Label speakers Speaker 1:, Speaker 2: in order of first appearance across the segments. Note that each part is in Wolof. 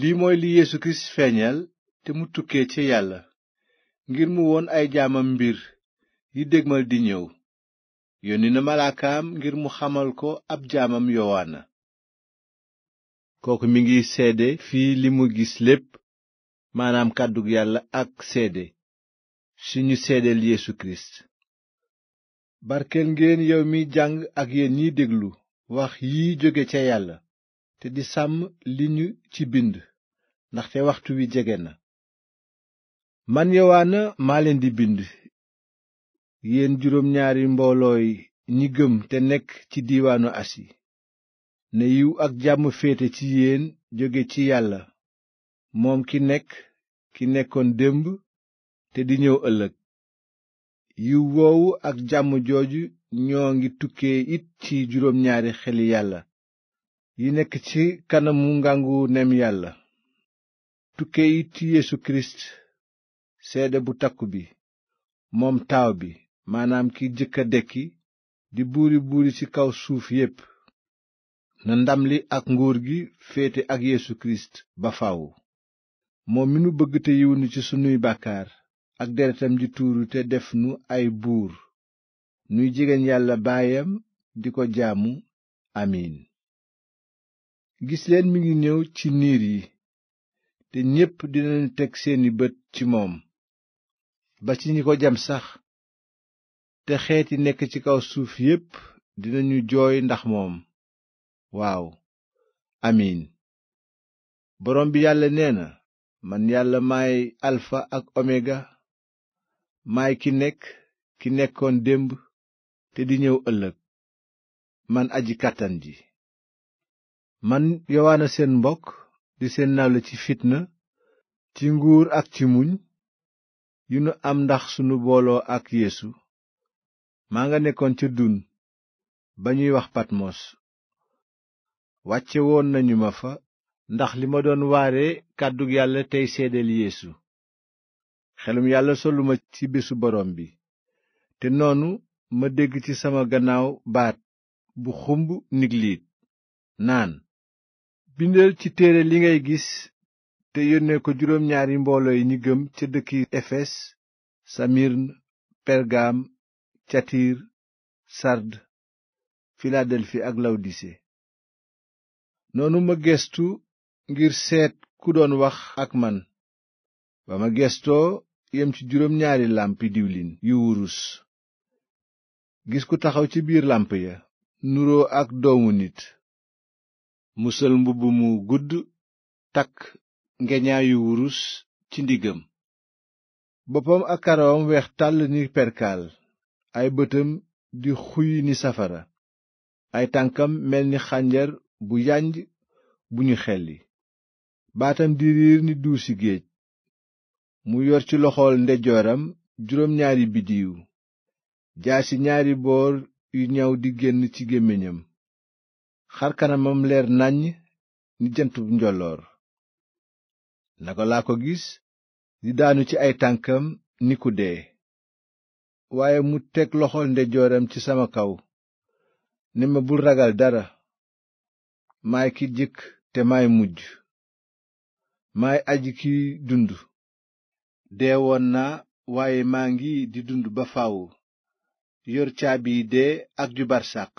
Speaker 1: lii mooy li Yeesu Kirist feeñal te mu tukkee ci yàlla ngir mu woon ay jaamam mbir yi dégmal di ñëw yónni na malaakam ngir mu xamal ko ab jaamam yowaana kooku mi ngi seede fii li mu gis lépp maanaam kàddu yàlla ak seede suñu ñu seedeel Yeesu Kirist barkeel ngeen yow mi jàng ak yéen ñiy déglu wax yi jóge ca yàlla te di sàmm li ñu ci bind ndaxte waxtu wi jege na man yowaana maa leen di bind yéen juróom ñaari mboolooy ñi gëm te nekk ci diiwaanu asi ne yiw ak jàmm féete ci yéen jóge ci yàlla moom ki nekk ki nekkoon démb te di ñëw ëllëg yiw woowu ak jàmm jooju ñoo ngi tukkee it ci juróom ñaari xeli yàlla yi nekk ci kanamu ngangu nem yàlla tukkee it ci Yeesu kirist seede bu takku bi moom taaw bi maanaam ki jëkka dekki di buuri buuri ci kaw suuf yépp na ndam li ak nguur gi féete ak Yeesu kirist ba faw moom mi bëgg te yiw ci sunuy bàkkaar ak deretam ji tuuru te def nu ay buur nuy jegeen yàlla baayam di ko jaamu amiin gis leen mi ngi ñëw ci niir yi te ñépp dinañu teg seeni bët ci moom ba ci ñi ko jam sax te xeet yi nekk ci kaw suuf yépp dinañu jooy ndax moom waaw amiin boroom bi yàlla nee na man yàlla maay alfa ak omega maay ki nekk ki nekkoon démb te di ñëw ëllëg man aji kàttan ji man yowaana seen mbokk di seen nawle ci fitna ci nguur ak ci muñ yu nu am ndax sunu booloo ak yéesu maa nga nekkoon ca dun ba ñuy wax Patmos wàcce woon nañu ma fa ndax li ma doon waare kàddug yàlla tey seedeel yéesu xelum yàlla soluma ci bésu borom bi te noonu ma dégg ci sama gannaaw baat bu xumb nigliit naan bindal ci téere li ngay gis te yónnee ko juróom ñaari mbooloo yi ñi gëm ca dëkk efes samirn pergaam catiir sard filadelfi ak lawdise noonu ma gestu ngir seet ku doon wax ak man ba ma gestoo yem ci juróom ñaari làmpi diwlin yu wurus gis ku taxaw ci biir làmp ya nuroo ak doomu nit mu sol mbubb mu gudd takk ngeñaayu wurus ci ndiggam boppam ak karawam weex tàll ni perkaal ay bëtam di xuy ni safara ay tànkam mel ni xànjar bu yanj bu ñu xelli baatam di riir ni duusi géej mu yor ci loxool ndejooram juróom ñaari biddiiw jaasi ñaari boor yu ñaw di génn ci gémmiñam xarkanamam leer nàññ ni jant bu njolloor naka laa ko gis di daanu ci ay tànkam ni ku dee waaye mu teg loxo ndejooram ci sama kaw ne ma bul ragal dara maay ki jëkk te maay mujj maay aji ki dund dee woon waaye maa ngi di dund ba faw yor caabi dee ak ju barsàq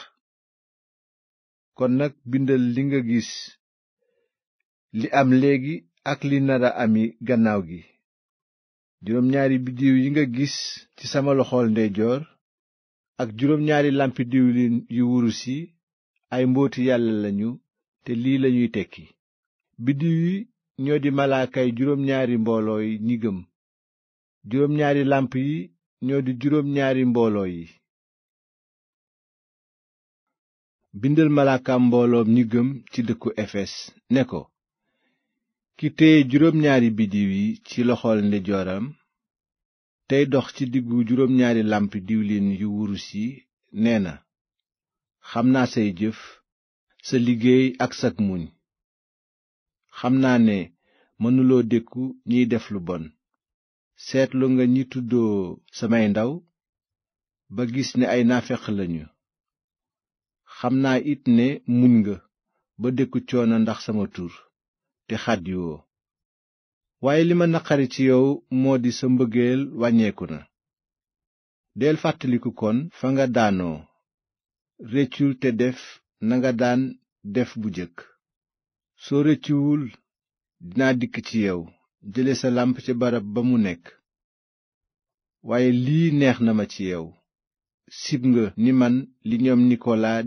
Speaker 1: kon nag bindal li nga gis li am léegi ak li nara ami gannaaw gi juróom ñaari biddiw yi nga gis ci sama loxol ndeyjoor ak juróom ñaari làmpi diwlin yu wurus yi ay mbooti yàlla lañu te lii lañuy tekki biddiw yi ñoo di malaakay juróom ñaari mbooloo yi ñi gëm juróom ñaari làmp yi ñoo di juróom ñaari mbooloo yi bindal malaakam mbooloom ñi ci dëkku efes ne ko ki téye juróom ñaari biddiw yi ci loxol ndeyjooram tey dox ci diggu juróom ñaari làmp diwlin yu wurus yi nee na xam naa say jëf sa liggéey ak sag muñ xam naa ne mënuloo dékku ñiy def lu bon seetlu nga ñi tuddoo samay ndaw ba gis ne ay naafeq lañu xam naa it ne muñ nga ba dékku coono ndax sama tur te xàddiwoo waaye li ma naqari ci yow moo di sa mbëggeel wàññeeku na del fàttaliku kon fa nga daanoo rëccul te def nga daan def bu jëkk soo rëccuwul dinaa dikk ci yow jële sa làmp ci barab ba mu nekk waaye lii neex na ma ci yow sib nga ni man li ñoom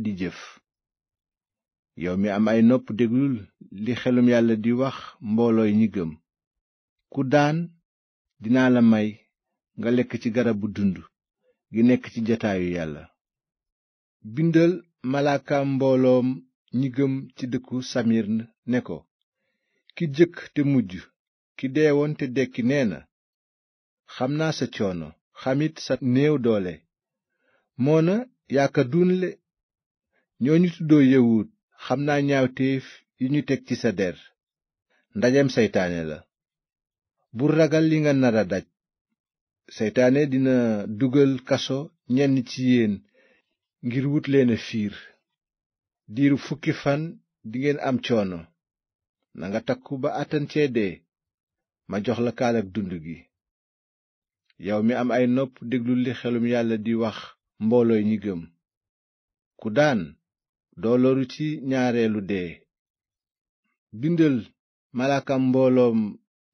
Speaker 1: di jëf yow mi am ay nopp déglul li xelum yàlla di wax mboolooy ñi gëm ku daan dinaa la may nga lekk ci garabu dund gi nekk ci jataayu yàlla bindal malaakaam mbooloom ñi gëm ci dëkku samirn ne ko ki jëkk te mujj ki deewoon te dekki nee na xam naa sa coono xamit sa néew doole moona yaa ka dunle ñoo ñu tuddoo yawut xam naa ñaawteef yi ñu teg ci sa der ndajeem seytaane la bu ragal li nga nar a daj seytaane dina dugal kaso ñenn ci yéen ngir wut leen fiir diiru fukki fan dingeen am coono nanga takku ba àttan cee dee ma jox la kaalak dund gi yow mi am ay nopp déglul li xelum yàlla di wax mboolooy ñi gëm ku daan doo loru ci ñaareelu dee bindal malaakam mbooloom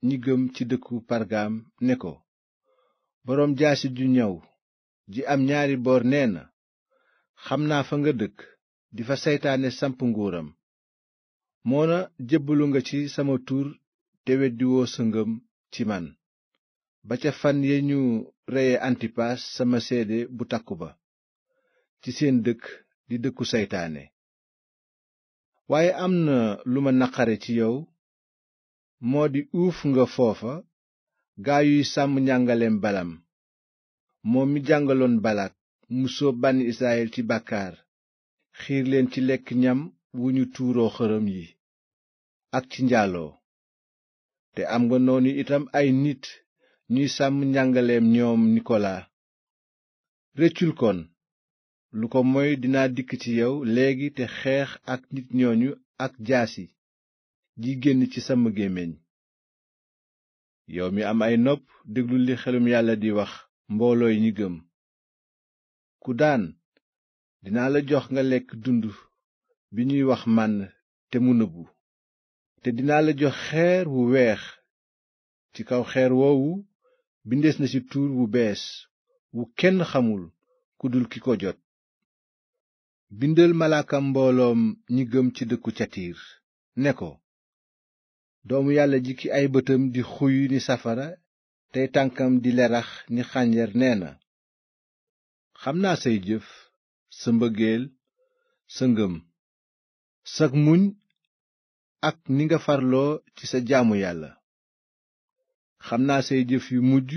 Speaker 1: ñi gëm ci dëkku pargaam ne ko boroom jaasi ju ñaw ji am ñaari boor nee na xam naa fa nga dëkk di fa seytaane samp nguuram moona jébbalu nga ci sama tur te weddiwoo sa ngëm ci man ba ca fan ya reye sama seede bu takku ba ci seen dëkk di dëkku seytaane waaye am na lu ma naqare ci yow moo di uuf nga foofa gaa yuy sàmm njàngaleem balam moo mi jàngaloon balaak mu sóob bànni israyil ci bàkkaar xiir leen ci lekk ñam wu ñu tuuroo xërëm yi ak ci njaaloo te am nga noonu itam ay nit ñuy sàmm njàngaleem ñoom nikola rëccul kon lu ko moy dinaa dikk ci yow léegi te xeex ak nit ñooñu ak jaasi gi génn ci sama gémmiñ yow mi am ay nopp déglul li xelum yàlla di wax mboolooy ñi gëm ku daan dinaa la jox nga lekk dund bi ñuy wax mànn te mu nëbbu te dinaa la jox xeer wu weex ci kaw xeer woowu bindees na ci tuur wu bees wu kenn xamul ku dul ki ko jot bindal malaakam mbooloom ñi gëm ci dëkku catiir ne ko doomu yàlla ji ay bëtam di xuy ni safara tey tànkam di lerax ni xànjar nee na xam naa say jëf sa mbëggeel sa ngëm sag muñ ak ni nga farloo ci sa jaamu yàlla xam naa say jëf yu mujj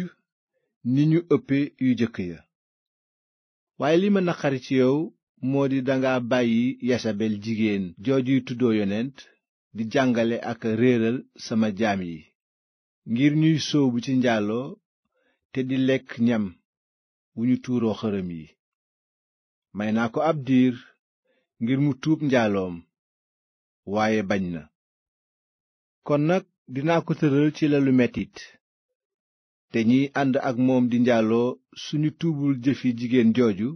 Speaker 1: ni ñu ëppe yu jëkk ya waaye li ma naqari ci yow moo di danga bàyyi yasabel jigéen joojuy tuddoo yonent di jàngale ak a réeral sama jaam yi ngir ñuy sóobu ci njaaloo te di lekk ñam wu ñu tuuroo xërëm yi may naa ko ab diir ngir mu tuub njaaloom waaye bañ na kon nag dinaa ko tëral ci lalu metit te ñiy ànd ak moom di njaaloo suñu tuubul jëfi jigéen jooju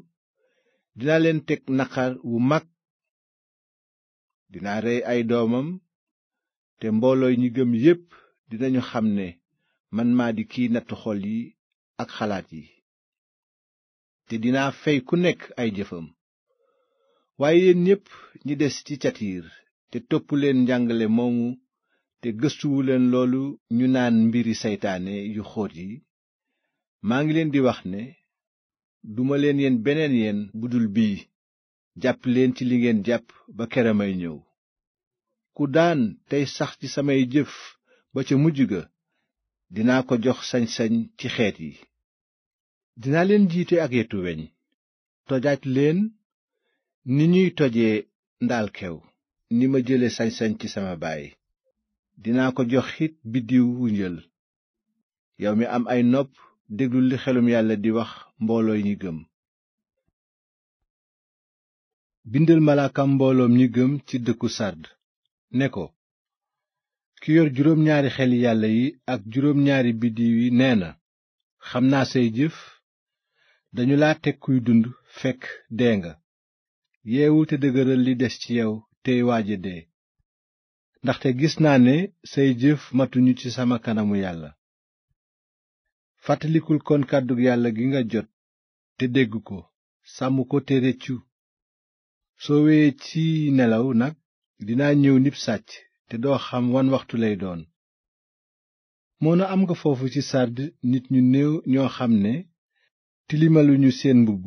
Speaker 1: dinaa leen teg naqar wu mag dina rey ay doomam te mboolooy ñu gëm yépp dinañu xam ne man maa di kiy natt xol yi ak xalaat yi te dinaa fay ku nekk ay jëfam waaye yéen ñépp ñi des ci catiir te topp leen njàngale moomu te gëstuwuleen loolu ñu naan mbiri seytaane yu xóot yi maa ngi leen di wax ne duma leen yeen beneen yeen bu dul bii jàpp leen ci li ngeen jàpp ba kere may ñëw ku daan tey sax ci samay jëf ba ca mujj ga dinaa ko jox sañ-sañ ci xeet yi dinaa leen jiite ak yetu weñ tojaaj leen ni ñuy tojee ndaal kew ni ma jële sañ-sañ ci sama baay dinaa ko jox it biddiw wu njël yow mi am ay nopp déglul li xelum yàlla di wax mbooloo ñi gëm bindal mbooloom ñi gëm ci dëkku sàrd ne ko ki yor juróom ñaari xeli yàlla yi ak juróom ñaari biddiw yi nee na xam naa say jëf dañu la teg kuy dund fekk dee nga yeewul te dëgëral li des ci yow tey waaja dee ndaxte gis naa ne say jëf matuñu ci sama kanamu yàlla fàttalikul kon kàddu yàlla gi nga jot te dégg ko sàmm ko te réccu soo weyee ci nelaw nag dinaa ñëw nib sàcc te doo xam wan waxtu lay doon moona am nga foofu ci sàdd nit ñu néew ñoo xam ne tilimaluñu seen mbubb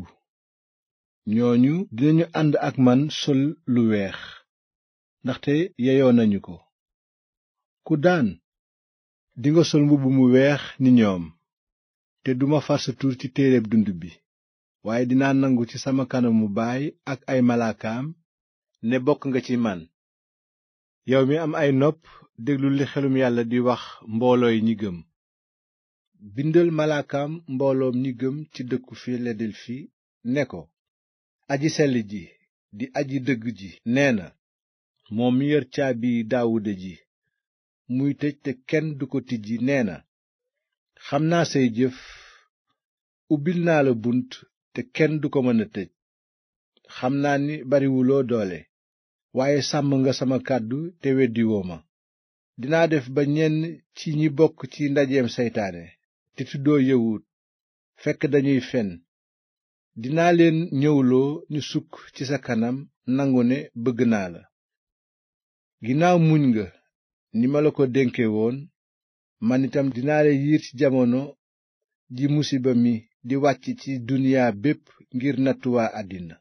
Speaker 1: ñooñu dinañu ànd ak man sol lu weex ndaxte yeyoo nañu ko ku daan dinga sol mbubb mu weex ni ñoom te duma far sa tur ci téereb dund bi waaye dinaa nangu ci sama kanam mu baay ak ay malaakaam ne bokk nga ci man yow mi am ay nopp déglul li xelum yàlla di wax mboolooy ñi gëm bindal malaakaam mbooloom ñi gëm ci dëkku filadelfi ne ko aji sell ji di aji dëgg ji nee na moom mi yor caabi daawuda ji muy tëj te kenn du ko tijji nee na xam naa say jëf ubbil naa la bunt te kenn du ko mën a tëj xam naa ni bariwuloo doole waaye sàmm nga sama kàddu te weddiwoo ma dinaa def ba ñenn ci ñi bokk ci ndajeem seytaane te tuddoo yëwut fekk dañuy fenn dinaa leen ñëwloo ñu sukk ci sa kanam nangu ne bëgg naa la ginnaaw muñ nga ni ma la ko dénke woon man itam dinaa la yiir ci jamono ji musiba mi di wàcc ci duniyaa bépp ngir nattu waa àddina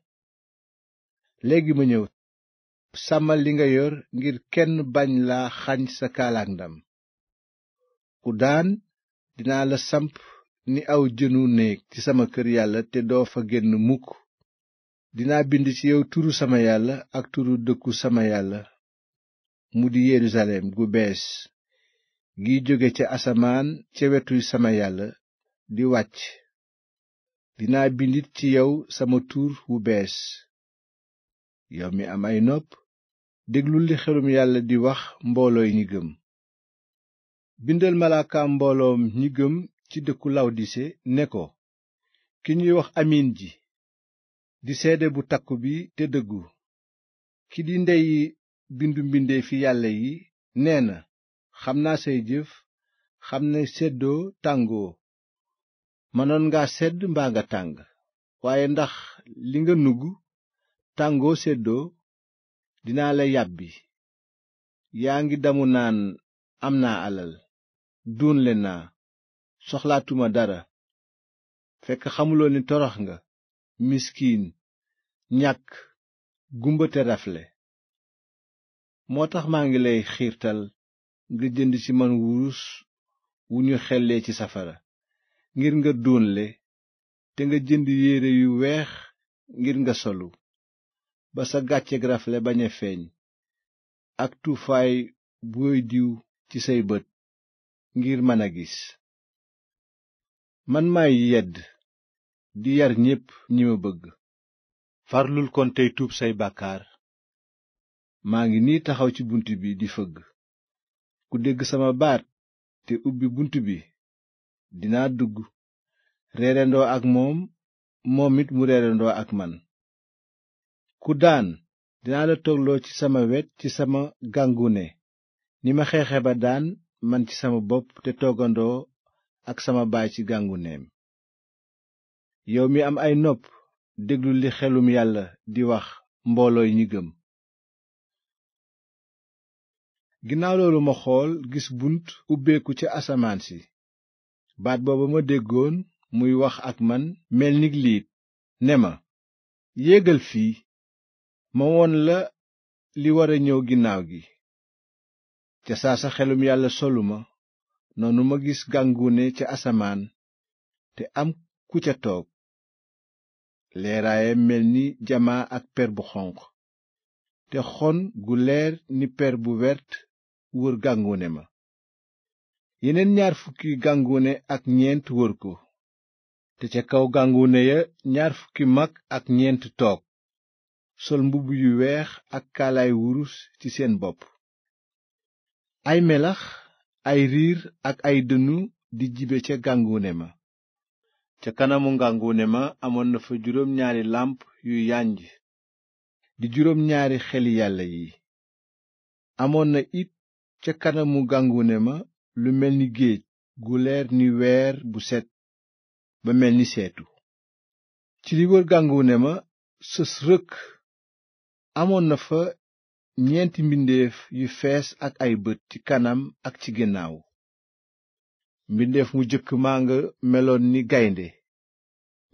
Speaker 1: léegi ma ñëw sàmmal li nga yor ngir kenn bañ laa xañ sa kaalaak ndam ku daan dinaa la samp ni aw jënu néeg ci sama kër yàlla te doo fa génn mukk dinaa bind ci yow turu sama yàlla ak turu dëkku sama yàlla mu di yerusalem gu bees giy jóge ca asamaan ca wetu sama yàlla di wàcc dinaa bindit ci yow sama tur wu bees yow mi am ay nopp déglul li xelum yàlla di wax mboolooy ñi gëm bindal malaakaam mbooloom ñi gëm ci dëkku lawdise ne ko ki ñuy wax amiin ji di seede bu takku bi te dëggu ki di ndeyi bindu fi yàlla yi nee na xam naa say jëf xam ne seddoo tàngoo mënoon nga sedd mbaa nga tàng waaye ndax li nga nugg tàngoo seddoo dinaa la yàbbi yaa ngi damu naan am naa alal duunle naa soxlaatuma dara fekk xamuloo ni torox nga miskiin ñàkk gumbate rafle moo tax maa ngi lay xiirtal nga jënd ci man wurus wu ñu xellee ci safara ngir nga doonle te nga jënd yére yu weex ngir nga solu ba sa gàcceeg rafle bañ a feeñ ak tuufaay booy diw ci say bët ngir mën a gis man maay yedd di yar ñépp ñi ma bëgg farlul kon say bàkkaar maa ngi nii taxaw ci bunt bi di fëgg ku dégg sama baat te ubbi bunt bi dinaa dugg reerandoo ak moom moom it mu reerandoo ak man ku daan dinaa la toogloo ci sama wet ci sama gàngune ni ma xeexe ba daan man ci sama bopp te toogandoo ak sama baay ci gànguneem yow mi am ay nopp déglu li xelum yàlla di wax mboolooy ñi gëm ginnaaw loolu ma xool gis bunt ubbeeku ca asamaan si baat booba ma déggoon muy wax ak man mel ni liit ne ma yéegal fii ma woon la li war ñëw ginnaaw gi ca saa sa xelum yàlla solu ma noonu ma gis gàngune ca asamaan te am ku ca toog leeraayam mel ni jamaa ak per bu xonq te xon gu leer ni per bu wert wër gàngune ma yeneen ñaar fukki gàngune ak ñeent wër ko te ca kaw gàngune ya ñaar fukki mag ak ñeent toog sol mbubb yu weex ak kaalaay wurus ci seen bopp ay melax ay riir ak ay dënnu di jibe ca gàngune ma ca kanamu ngàngune ma amoon na fa juróom ñaari làmp yu yànj di juróom ñaari xeli yàlla yi amoon na it ca kanamu gàngune ma lu mel ni géej gu leer ni weer bu set ba mel ni seetu ci li wër gàngune ma sës rëkk amoon na fa ñeenti mbindeef yu fees ak ay bët ci kanam ak ci ginnaaw mbindeef mu jëkk maa nga meloon ni gaynde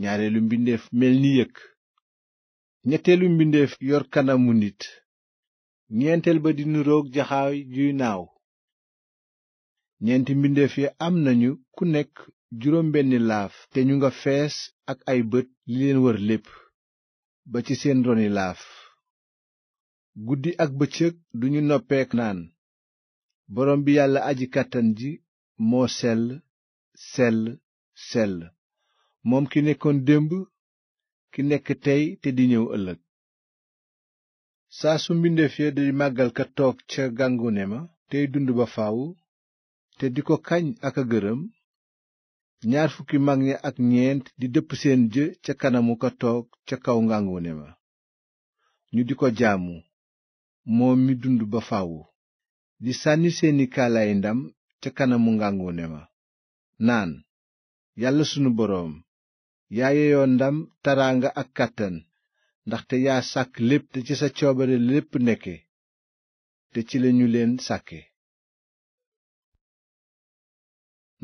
Speaker 1: ñaareelu mbindeef mel ni yëkk ñetteelu mbindeef yor kanamu nit ñeenteel ba di nuroog jaxaay juy naaw ñeenti mbindeef yi am nañu ku nekk juróom benni laaf te ñu nga fees ak ay bët li leen wër lépp ba ci seen roni laaf guddi ak bëccëg duñu noppeek naan borom bi yàlla aji kàttan ji moo sell sell sell moom ki nekkoon démb ki nekk tey te di ñëw ëllëg saa su mbindeef ya di màggal ka toog ca gàngune ma tey dund ba faaw te di ko kañ ak a gërëm ñaar fukki mag ña ak ñeent di dëpp seen jë ca kanamu ka toog ca kaw ngàngune ma ñu di ko jaamu moom mi dund ba faw di sànni seeni kaalaay ndam ca kanamu ngàngune ma naan yàlla sunu boroom yaa yeyoon ndam taraanga ak kàttan ndaxte yaa sàkk lépp te ci sa coobare lépp nekke te ci lañu leen sàkke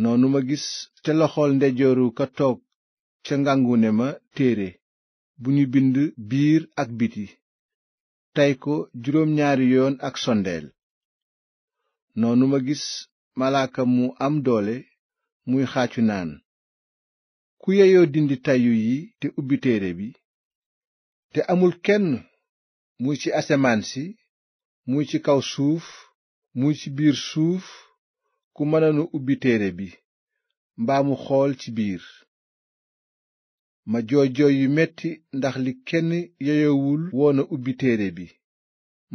Speaker 1: noonu ma gis ca loxool ndejooru ko toog ca ngàngune ma téere bu ñu bind biir ak biti tey ko juróom ñaari yoon ak sondeel noonu ma gis malaaka mu am doole muy xaacu naan ku yeyoo dindi tayu yi te ubbi téere bi te amul kenn muy ci asamaan si muy ci kaw suuf muy ci biir suuf ku mëna nu ubbi téere bi mbaamu xool ci biir ma jooy jooy yu metti ndax li kenn yeyowul woona a ubbi téere bi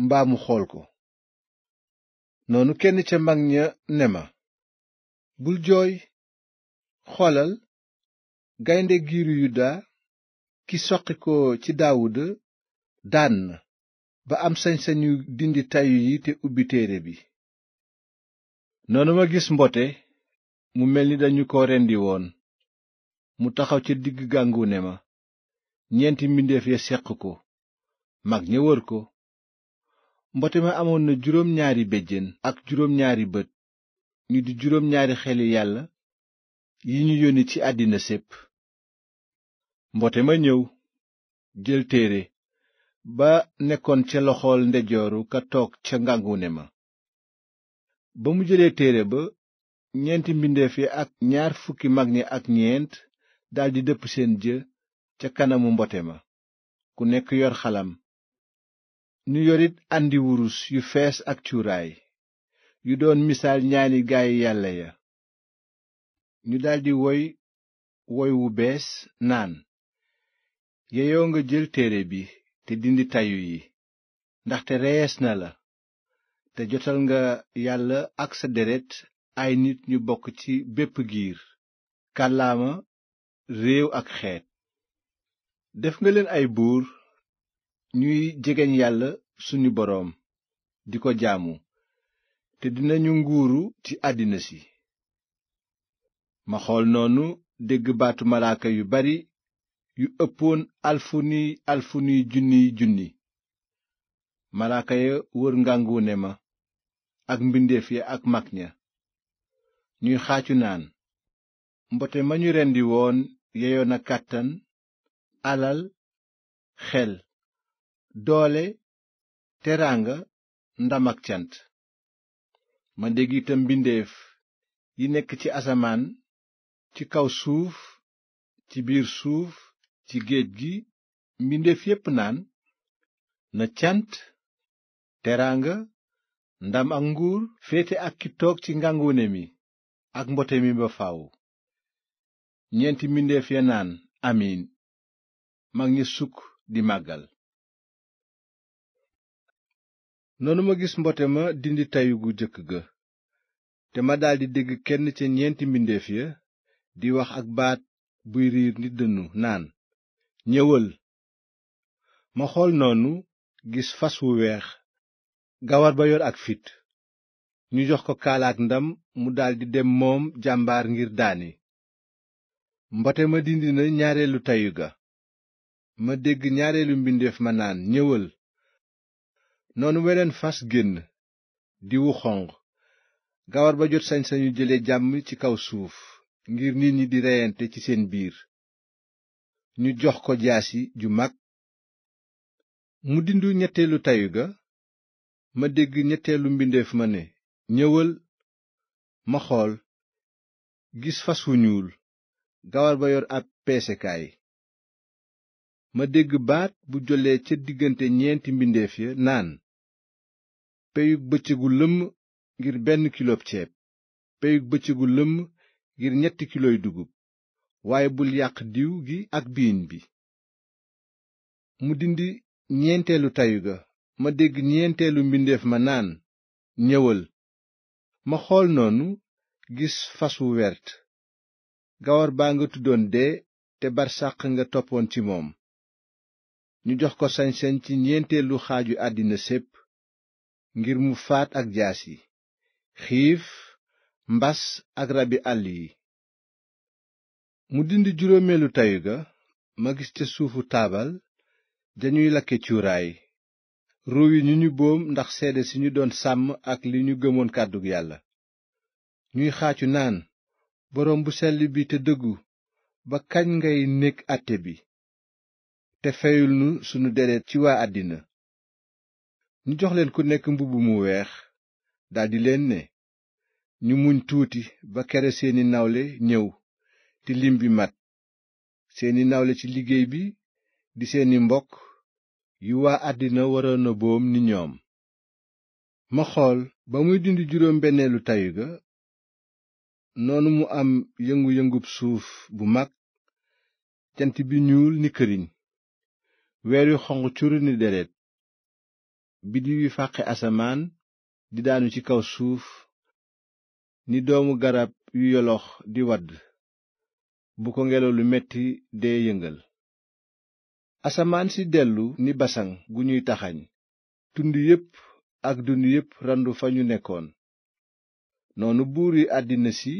Speaker 1: mbaamu xool ko noonu kenn ca mag ña ne ma bul jooy xoolal gaynde giiru yuda ki soqi ko ci daawuda daan na ba am sañ-sañu dindi tayu yi te ubbi téere bi noonu ma gis mboote mu mel ni dañu ko rendi woon mu taxaw ca digg gàngune ma ñeenti mbindeef ya seq ko mag ña wër ko mbote ma amoon na juróom ñaari béjjén ak juróom ñaari bët ñu di juróom ñaari xeli yàlla yi ñu yónni ci àddina sépp mbote ma ñëw jël téere ba nekkoon ca loxool ndejooru ka toog ca ngàngune ma ba mu jëlee téere ba ñeenti mbindeef yi ak ñaar fukki mag ñi ak ñeent daldi dëpp seen jë ca kanamu mbote ma ku nekk yor xalam ñu yorit àndi wurus yu fees ak cuuraay yu doon misaal ñaani gaay yàlla ya ñu daldi woy woy wu bees naan yeyoo nga jël téere bi te dindi tayu yi ndaxte rees na la te jotal nga yàlla ak sa deret ay nit ñu bokk ci bépp giir kàllaama réew ak xeet def nga leen ay buur ñuy jegeñ yàlla sunu boroom di ko jaamu te dina ñu nguuru ci àddina si ma xool noonu dégg baatu malaaka yu bari yu ëppoon alfuni alfuni junni malaaka ya wër ngànguune ma ak mbindeef ya ak mag ña ñuy xaacu naan mbote ma ñu rendi woon yeyoon kàttan alal xel doole teraanga ndam ak cant ma dégg itam mbindeef yi nekk ci asamaan ci kaw suuf ci biir suuf ci géej gi mbindeef yépp naan na cant teraanga ndam ak nguur féete ak ki toog ci ngànguune mi ak mbote mi ba faw ñeenti mbindeef ya naan amiin mag ñi sukk di màggal noonu ma gis mbote ma dindi tayu gu jëkk ga te ma daldi dégg kenn ca ñeenti mbindeef ya di wax ak baat buy riir ni dënnu naan ñëwal ma xool noonu gis fas wu weex gawar ba yor ak fit ñu jox ko kaalaak ndam mu daldi dem moom jàmbaar ngir daani mbote ma dindi na ñaareelu tayu ga ma dégg ñaareelu mbindeef ma naan ñëwal noonu weneen fas génn diwu xonq gawar ba jot sañ-sañu jële jàmm ci kaw suuf ngir nit ñi di reyante ci seen biir jox ko jaasi ju mag mu dindu ñetteelu tayu ga ma dégg ñetteelu mbindeef ma ne ñëwal ma xool gis fas wu ñuul gawar yor ab peesekaay ma dégg baat bu jollee ca diggante ñeenti mbindeef ya naan peyug bëccëgu lëmm ngir benn kilob ceeb peyug bëccëgu lëmm ngir ñetti kiloy dugub waaye bul yàq diw gi ak biiñ bi mu dindi ñeenteelu tayu ga ma dégg ñeenteelu mbindeef ma naan ñëwal ma xool noonu gis fas wu wert gawar baa nga tuddoon dee te barsàq nga toppoon ci moom ñu jox ko sañ ci ñeenteelu xaaju àddina sépp ngir mu faat ak jaas yi xiif mbas ak rabi àll yi mu dindi juróomeelu tayu ga ma gis ca suufu taabal jañuy lakke cuuraay yi ñu ñu boom ndax seede si ñu doon sàmm ak li ñu gëmoon kàddu yàlla ñuy xaacu naan boroom bu sell bi te dëggu ba kañ ngay nekk àtte bi te feyul nu sunu deret ci waa àddina ñu jox leen ku nekk mbubb mu weex daldi leen ne ñu muñ tuuti ba kere seeni nawle ñëw te lim bi mat seeni nawle ci liggéey bi di seeni mbokk yu waa àddina waroon a boom ni ñoom ma xool ba muy dindi juróom benneelu tayu ga noonu mu am yëngu yëngu suuf bu mag jant bi ñuul ni këriñ weer yu xonq curu ni deret biddiw yi fàqe asamaan di daanu ci kaw suuf ni doomu garab yu yolox di wadd bu ko ngelaw lu metti dee yëngal asamaan si dellu ni basaŋ gu ñuy taxañ tund yépp ak dund yépp randu fa ñu nekkoon noonu buur yi àddina si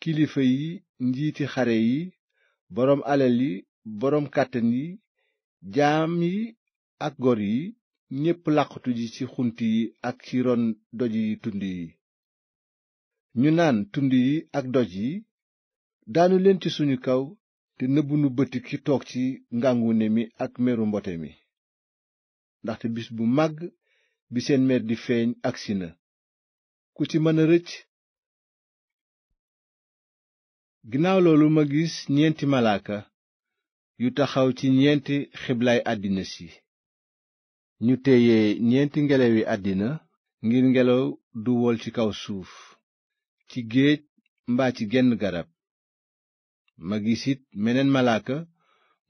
Speaker 1: kilifa yi njiiti xare yi boroom alal yi boroom kàttan yi jaam yi ak gor yi ñépp làqatu ji ci xunt yi ak ci ron doj yi tund yi ñu naan tund yi ak doj yi daanu leen ci suñu kaw te nëbbu nu bëti ki toog ci ngàngune mi ak meru mbote mi ndaxte bis bu màgg bi seen mer di feeñ agsi na ku ci mëna rëcc ginnaaw loolu ma gis ñeenti malaaka yu taxaw ci ñeenti xiblaay àddina si ñu téye ñeenti ngelawi àddina ngir ngelaw du wol ci kaw suuf ci géej mbaa ci genn garab ma gis it meneen malaaka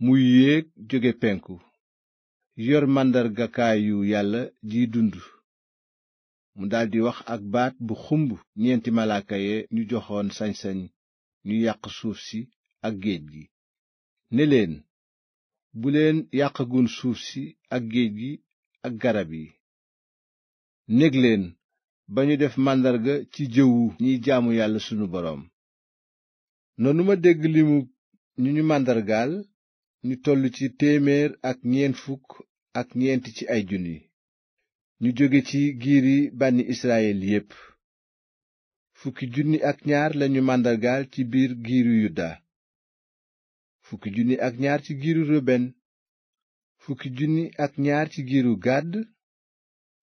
Speaker 1: muy yéeg jóge penku yor màndargakaayu yàlla jiy dund mu daldi wax ak baat bu xumb ñeenti malaaka ye ñu joxoon sañsañ ñu yàq suuf si ak géej gi ne leen bu leen yàqagun suuf si ak géej gi ak garab yi nég leen ba ñu def màndarga ci jëwu ñiy jaamu yàlla sunu borom noonu ma dégg limu ñu ñu màndargaal ñu toll ci téeméer ak ñeent fukk ak ñeent ci ay junni ñu jóge ci giir yi bànni israyil yépp junni ak ñaar lañu màndargaal ci biir giiru yuda fukki junni ak ñaar ci giiru ruben ak ñaar ci giiru gàdd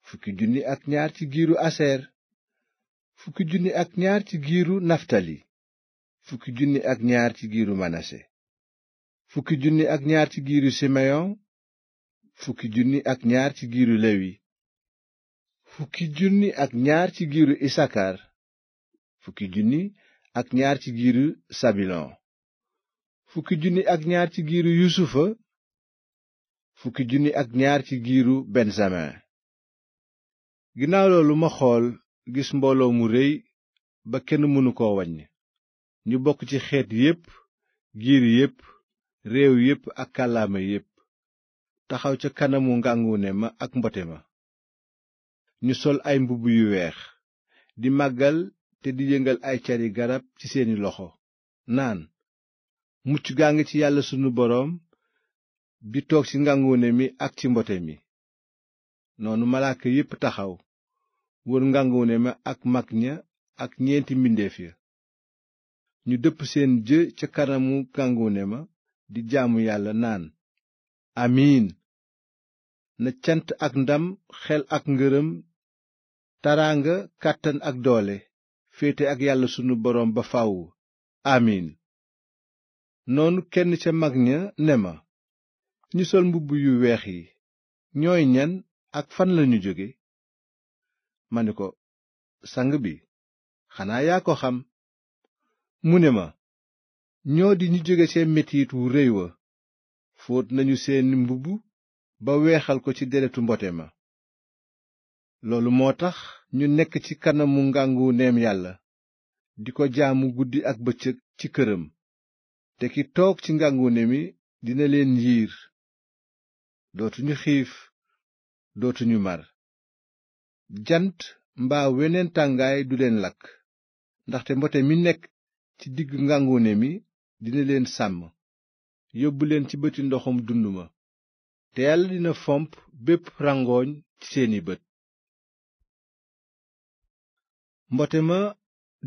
Speaker 1: fukki junni ak ñaar ci giiru aseer ak ñaar ci giiru naftali fukki giiru manase fukki junni ak ñaar ci giiru simeyon fukki junni ak ñaar ci giiru lewi ak ñaar giiru isakar fukki junni sabilon ak giiru yusufa ak giiru bensamin ginnaaw loolu ma xool gis mbooloo mu réy ba kenn mënu ko waññ ñu bokk ci xeet yépp giir yépp réew yépp ak kàllaama yépp taxaw ca kanamu ngàngune ma ak mbote ma ñu sol ay mbubb yu weex di màggal te di yëngal ay cari garab ci seeni loxo naan mucc gaa ngi ci yàlla sunu boroom bi toog ci ngàngune mi ak ci mbote mi noonu malaaka yépp taxaw wër ngàngune ma ak mag ña ak ñeenti mbindeef ya ñu dëpp seen jë ca kanamu kàngune ma di jaamu yàlla naan amiin na cant ak ndam xel ak ngërëm taraanga kàttan ak doole féete ak yàlla sunu boroom ba faw amiin noonu kenn ca mag ña ne ma ñu sol mbubb yu weex yi ñooy ñan ak fan lañu jóge ma ne ko sang bi xanaa yaa ko xam mu ne ma ñoo di ñu jóge seen metit wu réy wa fóot nañu seeni mbubb ba weexal ko ci deretu mbote ma loolu moo tax ñu nekk ci kanamu ngàngu neem yàlla di ko jaamu guddi ak bëccëg ci këram te ki toog ci ngàngune mi dina leen yiir dootuñu xiif dootuñu mar jant mbaa weneen tàngaay du leen lakk ndaxte mbote mi nekk ci digg ngànguune mi dina leen sàmm yóbbu leen ci bëti ndoxum dund ma te yàlla dina fomp bépp rangooñ ci seeni bët mbote ma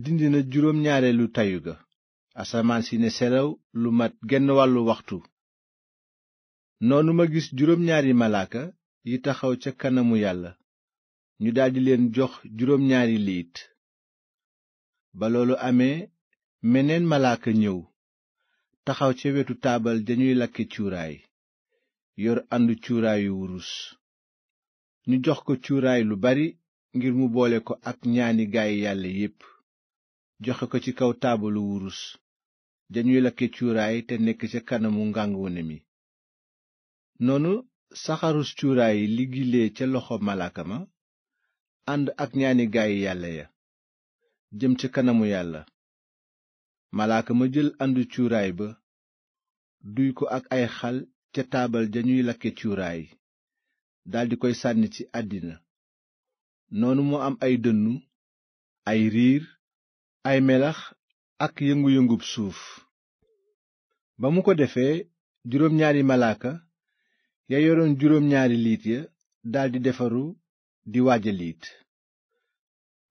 Speaker 1: dindi na juróom ñaareelu tayu ga asamaan si ne selaw lu mat genn wàllu waxtu noonu ma gis juróom ñaari malaaka yi taxaw ca kanamu yàlla ñu daldi leen jox juróom ñaari liit ba loolu amee meneen malaaka ñëw taxaw ca wetu taabal dañuy lakke cuuraay yor ànd cuuraayu wurus ñu jox ko cuuraay lu bari ngir mu boole ko ak ñaani gaay yàlla yépp joxe ko ci kaw taabalu wurus dañuy lakke cuuraay te nekk ca kanamu ngànguune mi noonu saxarus cuuraay li gilee ca loxo malaaka ma ànd ak ñaani gaay yàlla ya jëm ca kanamu yàlla malaaka ma jël àndu cuuraay ba duy ko ak ay xal ca taabal ja ñuy lakke cuuraay daldi koy sànni ci àddina noonu mu am ay dënnu ay riir ay melax ak yëngu yëngu suuf ba mu ko defee juróom ñaari malaaka ya yoroon juróom ñaari liit ya daldi defaru di waaja liit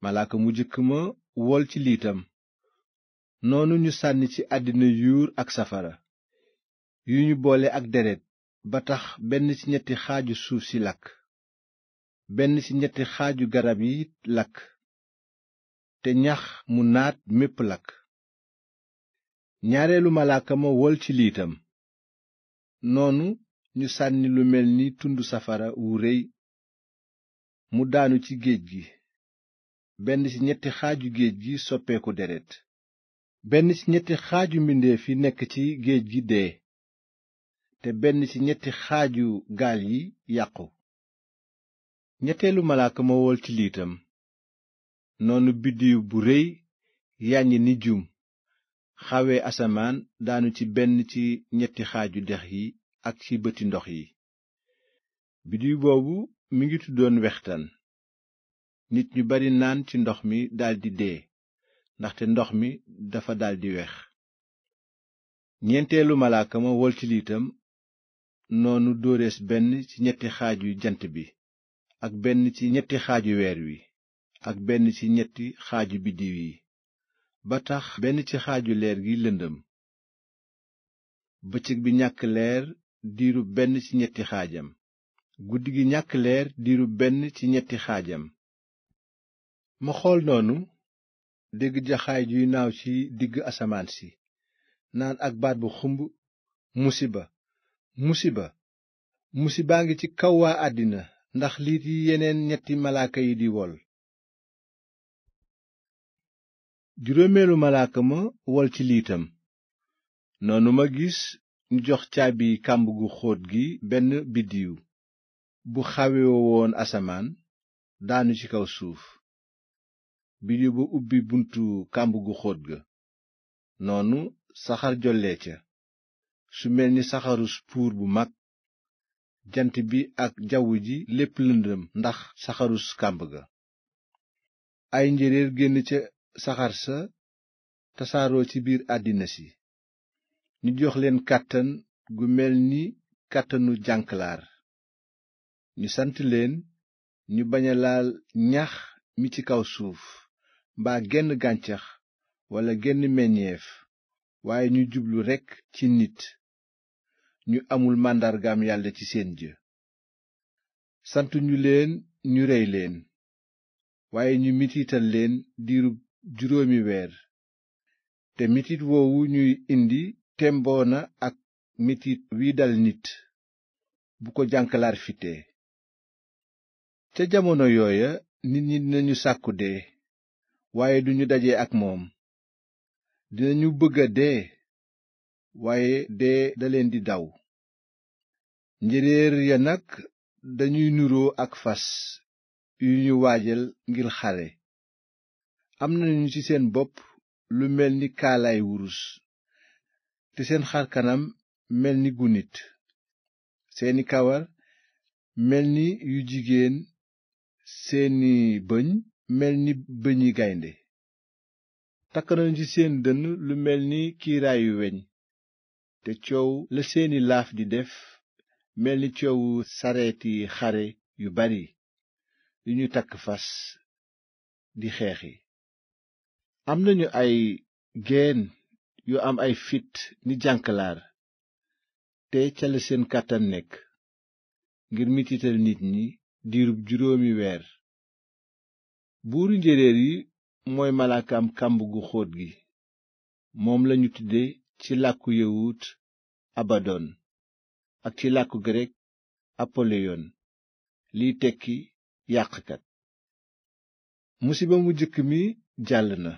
Speaker 1: malaaka mu jëkk ma wol ci liitam noonu ñu sànni ci àddina yuur ak safara yu ñu boole ak deret ba tax benn ci ñetti xaaju suuf si lakk benn ci ñetti xaaju garab yi lakk te ñax mu naat mépp lakk ñaareelu malaaka ma wol ci liitam noonu ñu sànni lu mel ni tund safara wu rëy mu daanu ci géej gi benn ci ñetti xaaju géej gi soppeeku deret benn ci ñetti xaaju mbindeef yi nekk ci géej gi dee te benn ci ñetti xaaju gaal yi yàqu ñetteelu malaaka ma wol ci liitam noonu biddiw bu réy yàññi ni jum xawee asamaan daanu ci benn ci ñetti xaaju dex yi ak ci bëti ndox yi biddiw boobu mi ngi tuddoon wextan nit ñu bari naan ci ndox mi daldi dee ndaxte ndox mi dafa daldi wex ñeenteelu malaaka ma wol ci liitam noonu dóorees benn ci ñetti xaaju jant bi ak benn ci ñetti xaaju weer wi ak benn ci ñetti biddiw yi ba tax benn ci xaaju leer gi lëndëm bëccëg bi ñàkk leer diiru benn ci ñetti xaajam guddi gi ñàkk leer diiru benn ci ñetti xaajam ma xool noonu dégg jaxaay juy naaw ci digg asamaan si naan ak baat bu xumb musiba musiba musibaa ngi ci kaw waa àddina ndax liit yi yeneen ñetti malaaka yi di wol juróomeelu malaaka ma wol ci liitam noonu ma gis ñu jox caabi kàmb gu xóot gi benn biddiw bu xawewoo woon asamaan daanu ci kaw suuf biddiw ba ubbi buntu kàmb gu xóot ga noonu saxaar jollee ca su mel ni saxarus puur bu mag jant bi ak jawwu ji lépp lëndëm ndax saxarus kàmb ga ay njéeréer génn ca saxaar sa tasaaroo ci biir àddina si ñu jox leen kàttan gu mel ni kàttanu jànklaar ñu sant leen ñu bañ a laal ñax mi ci kaw suuf mbaa genn gàncax wala genn meññeef waaye ñu jublu rekk ci nit ñu amul màndargaam yàlla ci seen jë sant leen ñu rey leen waaye ñu mitital leen diirub juróomi weer te mitit woowu ñuy indi temboona ak mitit wi dal nit bu ko jànkalaar fite ca jamono yooya nit ñi dinañu sàkku dee waaye duñu daje ak moom dinañu bëgg a dee waaye dee da leen di daw njéréer ya nag dañuy nuroo ak fas yu ñu waajal ngir xare am nañu ci seen bopp lu mel ni kaalaay wurus te seen xarkanam mel ni gu nit seeni kawar mel ni yu jigéen seeni bëñ mel gaynde takk nañu ci seen dënn lu mel ni kiiraayu weñ te coow la seeni laaf di def mel ni coowu sareeti xare yu bari yu ñu takk fas di xeexi am nañu ay geen yu am ay fit ni jànklaar te ca la seen kàttan nekk ngir mitital nit ñi diirub juróomi weer buur njéeréer yi mooy malaakam kàmb gu xóot gi moom lañu tudde ci làkku yawut abaddon ak ci làkku grek apoleyon liy tekki yàqkat musiba mu jëkk mi jàll na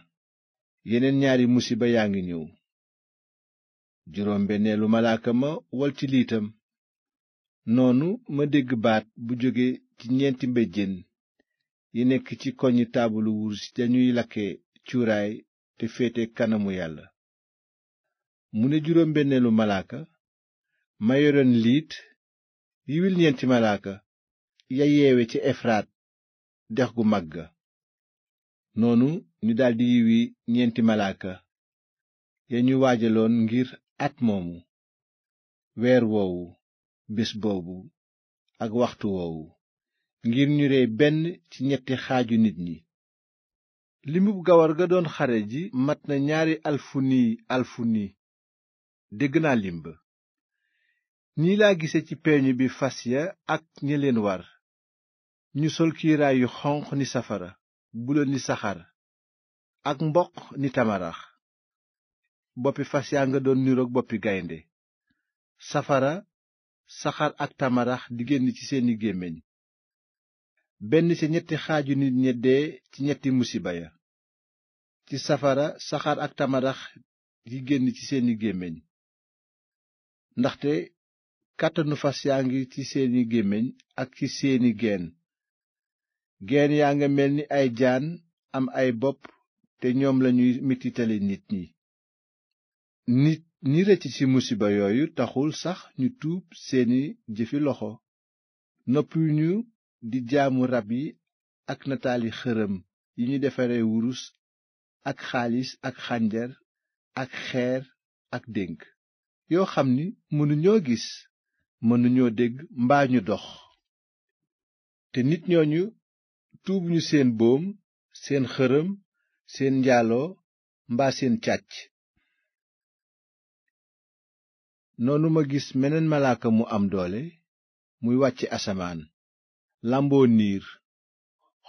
Speaker 1: yeneen ñaari musiba yaa ngi ñëw juróom benneelu malaaka ma wal ci liitam noonu ma dégg baat bu jóge ci ñeenti mbéjjén yi nekk ci koñ taabalu wurus dañuy lakke cuuraay te féete kanamu yàlla mu ne juróom benneelu malaaka ma yoroon liit yiwil ñeenti malaaka ya yeewe ci efraat dex gu mag ga noonu ñu daldi yiwi ñeenti malaaka ya ñu waajaloon ngir at moomu weer woowu bés boobu ak waxtu woowu ngir ñu rey benn ci ñetti xaaju nit ñi limub gawar ga doon xare ji mat na ñaari alfuni alfuni dégg naa lim ba nii laa gise ci peeñu bi fas ya ak ña leen war ñu sol kiiraay yu xonq ni safara bulo ni saxaar ak mboq ni tamarax boppi fas yaa nga doon niroog boppi gaynde safara saxaar ak tamarax di génn ci seeni gémmiñ benn ci ñetti xaaju nit ña ci ñetti musiba ya ci safara saxaar ak tamarax yi génn ci seeni gémmiñ ndaxte kàttanu fas yaa ngi ci seeni gémmiñ ak ci seeni geen geen yaa nga mel ni ay jaan am ay bopp te ñoom lañuy mititale nit ñi nit ñi rëcc ci musiba yooyu taxul sax ñu tuub seeni jëfi loxo noppuñu di jaamu rab yi ak nataali xërëm yi ñu defare wurus ak xaalis ak xànjar ak xeer ak dénk yoo xam ni mënuñoo gis mënuñoo dégg mbaa ñu dox te nit ñooñu tuubuñu seen boom seen xërëm seen njaaloo mbaa seen càcc noonu gis meneen malaaka mu am doole muy wàcce asamaan làmboo niir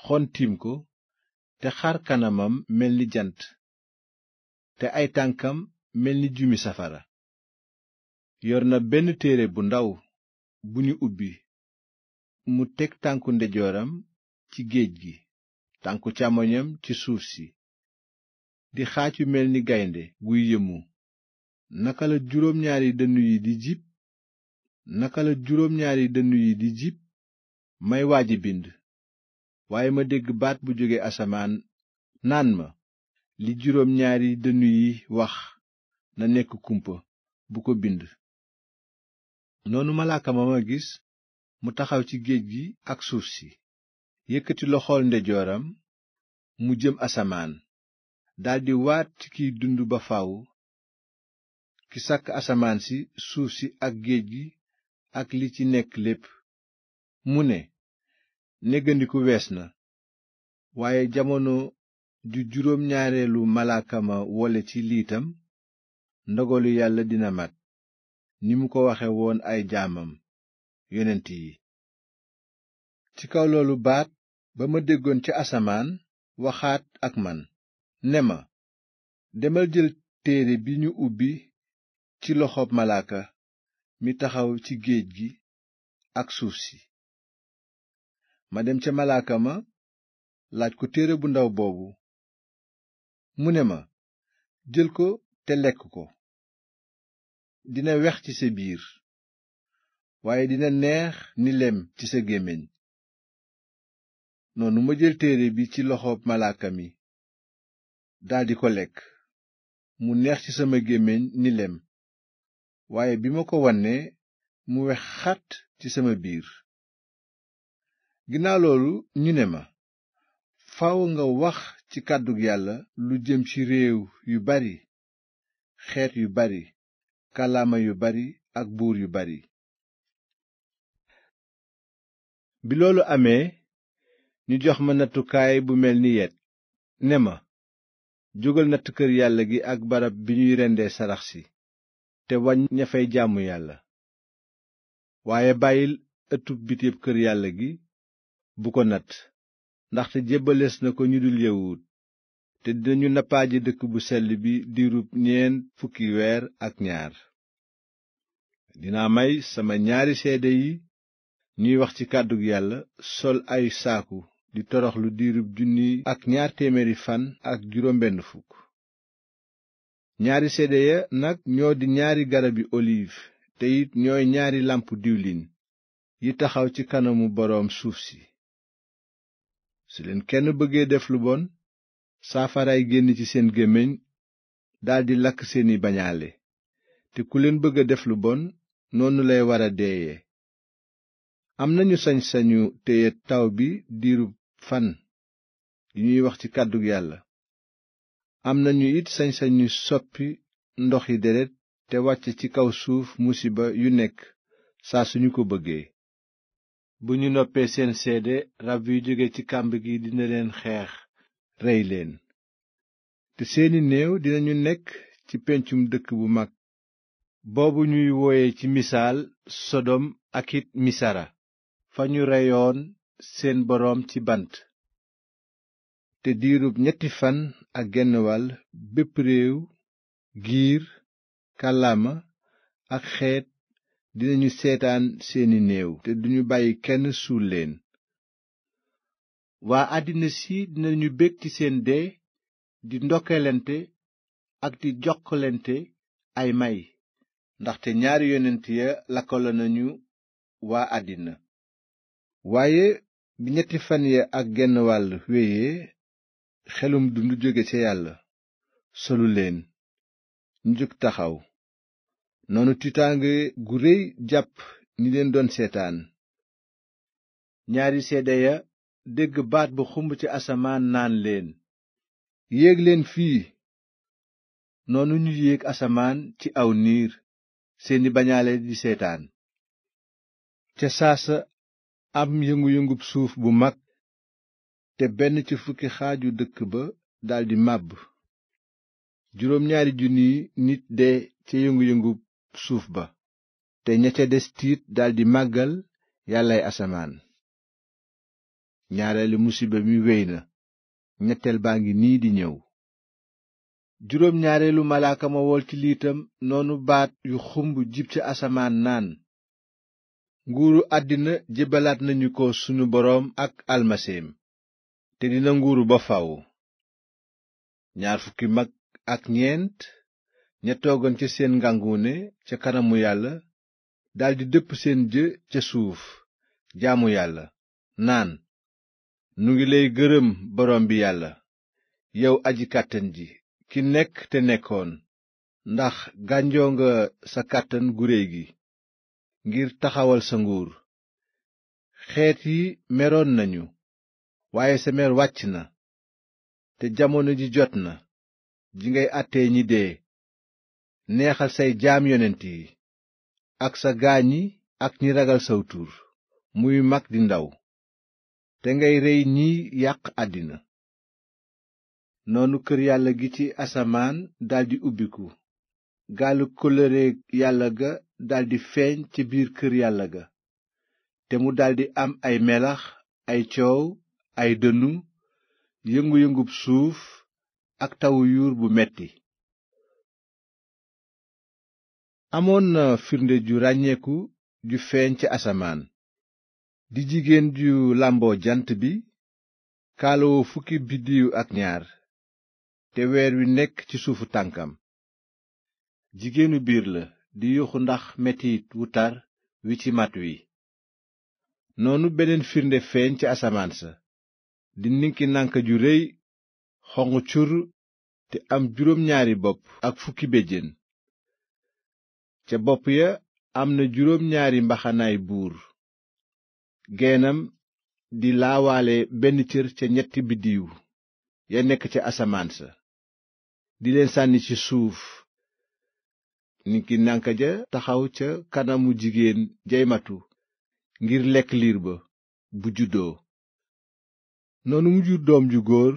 Speaker 1: xontim ko te xar kanamam melni jant te ay tànkam mel ni jumi safara yor na benn téere bu ndaw bu ñu ubbi mu teg tànku ndejooram ci géej gi tànku càmmoñam ci suuf si di xaacu ni gaynde guy yëmu naka la juróom ñaari dënn yi di jib naka la juróom ñaari dënn yi di jib may waaj a bind waaye ma dégg baat bu jóge asamaan naan ma li juróom ñaari dënnu yi wax na nekk kumpa bu ko bind noonu malaaka ma gis mu taxaw ci géej gi ak suuf si yëkkati loxool ndejooram mu jëm asamaan daldi waat ci kiy dund ba faw ki sàkk asamaan si suuf si ak géej gi ak li ci nekk lépp mu ne néggandiku wees na waaye jamono ju juróom ñaareelu malaaka ma wole ci liitam ndogalu yàlla dina mat ni mu ko waxe woon ay jaamam yonent yi ci kaw loolu baat ba ma déggoon ca asamaan waxaat ak man ne ma demal jël téere bi ñu ubbi ci loxoob malaaka mi taxaw ci géej gi ak suuf si ma dem ca malaaka ma laaj ko téere bu ndaw boobu mu ne ma jël ko te lekk ko dina wex ci sa biir waaye dina neex ni lem ci sa gémmiñ noonu ma jël téere bi ci loxoob malaaka mi daldi ko lekk mu neex ci sama gémmiñ ni lem waaye bi ma ko wannee mu wex xat ci sama biir ginnaaw loolu ñu ne ma faw nga wax ci kàddug yàlla lu jëm ci réew yu bari xeet yu bari kàllaama yu bari ak buur yu bari bi loolu amee ñu jox ma nattukaay bu mel ni yet ne ma jógal natt kër yàlla gi ak barab bi ñuy rendee sarax si te wañ ña fay jaamu yàlla waaye bàyyil ëttub bitib kër yàlla gi bu ko nat ndaxte jébbalees na ko ñu dul yawut te dinañu nappaaje dëkk bu sell bi diirub ñeen fukki weer ak ñaar dinaa may sama ñaari seede yi ñuy wax ci kàddu yàlla sol ay saaku di toroxlu diirub junni ak ñaar téeméeri fan ak juróom benn ñaari seede ya nag ñoo di ñaari garabi olive te it ñooy ñaari làmp diwlin yi taxaw ci kanamu boroom suuf si su leen kenn bëggee def lu bon saafaraay génn ci seen gémmiñ daldi lakk seeni bañaale te ku leen bëgg a def lu bon noonu lay wara deeyee am nañu sañ-sañu téye taw bi diiru fan yi ñuy wax ci kàddu yàlla am nañu it sañ-sañu soppi ndox yi deret te wàcce ci kaw suuf musiba yu nekk saa suñu ko bëggee bu ñu noppee seen seede rab yu jóge ci kàmb gi dina leen xeex rey leen te seeni néew dinañu nekk ci pencum dëkk bu mag boobu ñuy wooye ci misaal sodom ak it misara fa ñu reyoon seen boroom ci bant te diirub ñetti fan ak genn wàll bépp réew giir kàllaama ak xeet dinañu seetaan seeni néew te duñu bàyyi kenn suul leen waa àddina si dinañu bég ci seen dee di ndokkelente ak di jokkalante ay may ndaxte ñaari yonent ya lakkale nañu waa àddina waaye bi ñetti fan ya ak genn wàll wéyee xelum dund jóge ca yàlla solu leen ñu jóg taxaw noonu tiitaange gu réy jàpp ñi leen doon seetaan ñaari seede ya dégg baat bu xumb ci asamaan naan leen yéeg fii noonu ñu yéeg asamaan ci aw niir seeni bañaale di seetaan ca saasa am yëngu-yëngub suuf bu mag te benn ci fukki xaaju dëkk ba daldi màbb juróom ñaari junni nit dee ca yëngu-yëngub suuf ba te ña ca des tiit daldi màggal yàllay asamaan ñaareelu musiba mi wéy na ñetteel baa ngi nii di ñëw juróom ñaareelu malaaka ma wol ci liitam noonu baat yu xumb jib ci asamaan naan nguuru àddina jébbalaat nañu ko sunu boroom ak almaseem te dina nguuru ba faw ñeent ña toogoon ca seen ngànguune ca kanamu yàlla daldi dëpp seen jë ca suuf jaamu yàlla naan nu ngi lay gërëm borom bi yàlla yow aji kàttan ji ki nekk te nekkoon ndax gànjoo nga sa kàttan gu réy gi ngir taxawal sa nguur xeet yi meroon nañu waaye sa mer wàcc na te jamono ji jot na ji ngay àttee ñi dee neexal say jaam yonent yi ak sa gaañi ak ñi ragal saw muy mag di ndaw te ngay rey ñiy yàq àddina noonu kër yàlla gi ci asamaan daldi ubbiku gaalu kóllëre yàlla ga daldi feeñ ci biir kër yàlla ga te mu daldi am ay melax ay coow ay dënnu yëngu yëngu suuf ak tawu yuur bu metti amoon na firnde ju ràññeeku ju feeñ ca asamaan di jigéen ju làmboo jant bi kaalawoo fukki biddiw ak ñaar te weer wi nekk ci suufu tànkam jigéenu biir la di yuuxu ndax metit wu tar wi ci mat wi noonu beneen firnde feeñ ca asamaan sa di ninki nanka ju réy xonq cur te am juróom ñaari bopp ak fukki béjjén ca bopp ya am na juróom ñaari mbaxanaay buur geenam di laawaale benn cër ca ñetti biddiw ya nekk ca asamaan sa di leen sànni ci suuf niki nanka ja taxaw ca kanamu jigéen jay ngir lekk liir ba bu juddoo noonu mu doom ju góor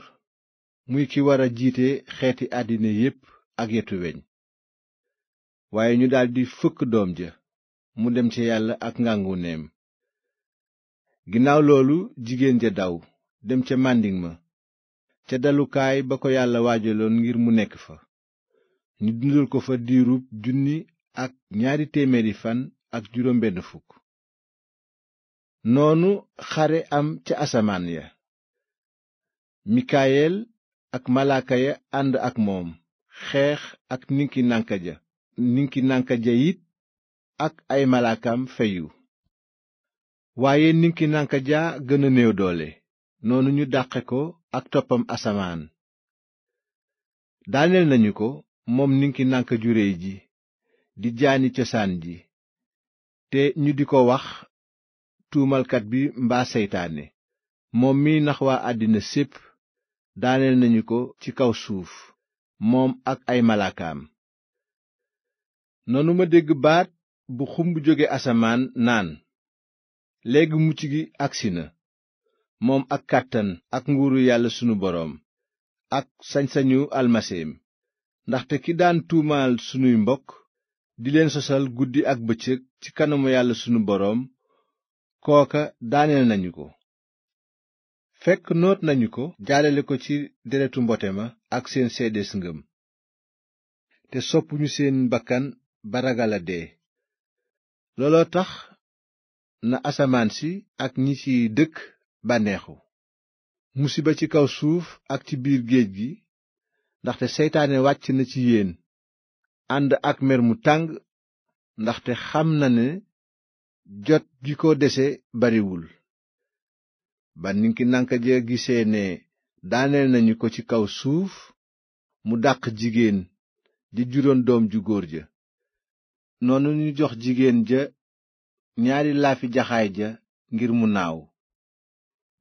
Speaker 1: muy ki wara jiite xeeti àddina yépp ak yetu weñ waaye ñu daldi fëkk doom ja mu dem ca yàlla ak ngànguneem ginnaaw loolu jigéen ja daw dem ca màndiŋ ma ca dalukaay ba ko yàlla waajaloon ngir mu nekk fa ñu dundal ko fa diirub junni ak ñaari téeméeri fan ak juróom benn fukk noonu xare am ca asamaan ya mikayel ak malaaka ya ànd ak moom xeex ak nikki nànka ja ninki nànka ja it ak ay malaakaam feyu waaye ninki nànka ja gën a néew doole noonu ñu dàqe ko ak toppam asamaan daaneel nañu ko moom ninki nànka ju réy ji di jaani cosaan ji te ñu di ko wax tuumalkat bi mbaa seytaane moom miy nax waa àddina sépp daaneel nañu ko ci kaw suuf moom ak ay malaakaam noonu ma dégg baat bu xumb jóge asamaan naan léegi mucc gi agsi na moom ak kàttan ak nguuru yàlla sunu boroom ak sañ-sañu almaseem ndaxte ki daan tuumaal sunuy mbokk di leen sosal guddi ak bëccëg ci kanamu yàlla sunu boroom kooka daaneel nañu ko fekk noot nañu ko jaalale ko ci deretu mboote ma ak seen seedees ngëm te soppuñu seen bakkan ba dee looloo tax na asamaan si ak ñi ci dëkk bànneexu musiba ci kaw suuf ak ci biir géej gi ndaxte seytaane wàcc na ci yéen ànd ak mer mu tàng ndaxte xam na ne jot gi ko dese bariwul ba ninki nanka ja gisee ne daaneel nañu ko ci kaw suuf mu dàq jigéen di juróon doom ju góor ja noonu ñu jox jigéen ja ñaari laafi jaxaay ja ngir mu naaw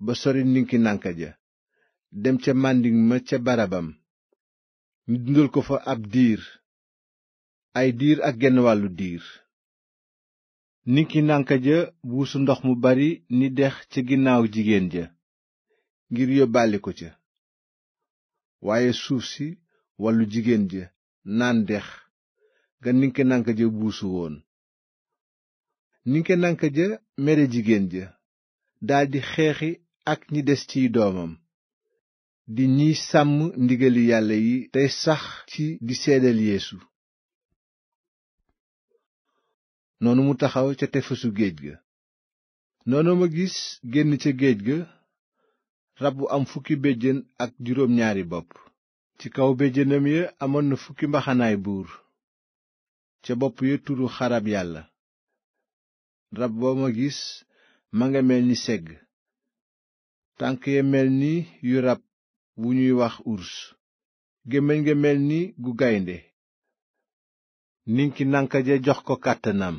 Speaker 1: ba sori ndinki nanka ja dem ca màndiŋ ma ca barabam ñu dundal ko fa ab diir ay diir ak genn wàllu diir niki nanka ja buusu ndox mu bari ni dex ca ginnaaw jigéen ja ngir yóbbaale ko ca waaye suuf si wàllu jigéen ja naan dex ga ninke nanka ja buusu woon ninke nanka ja mere jigéen ja daldi xeexi ak ñi des ciy doomam di ñiy sàmm ndigali yàlla yi tey sax ci di seedal yeesu noonu mu taxaw ca tefesu géej ga noonu ma gis génn ca géej ga rab bu am fukki béjjén ak juróom ñaari bopp ci kaw béjjénam ya amoon na fukki mbaxanaay buur ca bopp ya turu xarab yàlla rab ba ma gis ma nga mel ni segg tànk ya mel ni yu rab wu ñuy wax urs gémmiñ nga mel ni gu gaynde ninki nanka ja jox ko kàttanam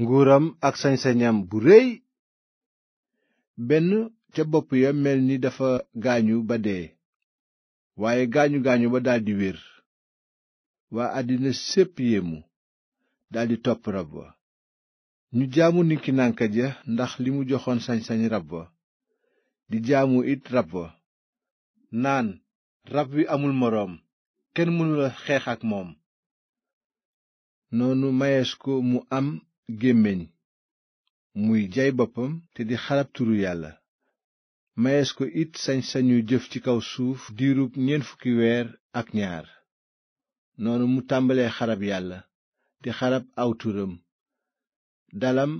Speaker 1: nguuram ak sañsañam bu réy benn ca bopp ya mel ni dafa gaañu ba dee waaye gaañu gaañu ba daldi wér waa àddina sépp yéemu daldi topp rab wa ñu jaamu nikki nànka ja ndax li mu joxoon sañ-sañ rab wa di jaamu it rab wa naan rab wi amul moroom kenn mënula xeex ak moom noonu mayees ko mu am gémmiñ muy jay boppam te di xarab turu yàlla mayees ko it sañ-sañu jëf ci kaw suuf diirub ñeent fukki weer ak ñaar noonu mu tàmbalee xarab yàlla di xarab aw turam dalam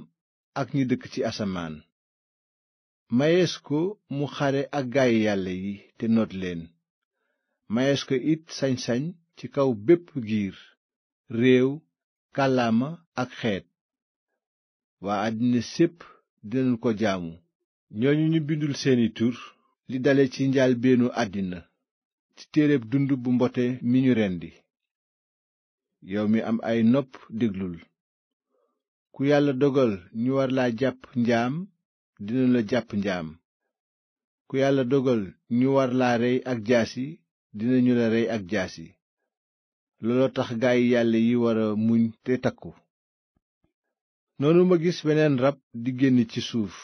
Speaker 1: ak ñu dëkk ci asamaan mayees ko mu xare ak gaayi yàlla yi te noot leen mayees ko it sañ-sañ ci kaw bépp giir réew kàllaama ak xeet waa àddina sépp dinañu ko jaamu ñooñu ñu bindul seeni tur li dale ci njaal beenu àddina ci téereb dund bu mbote mi ñu rendi yow mi am ay nopp déglul ku yàlla dogal ñu war la jàpp njaam dinañu la jàpp njaam ku yàlla dogal ñu war la rey ak jaasi dinañu la rey ak jaasi looloo tax gay yàlla yi war a muñ te takku noonu ma gis weneen rab di génn ci suuf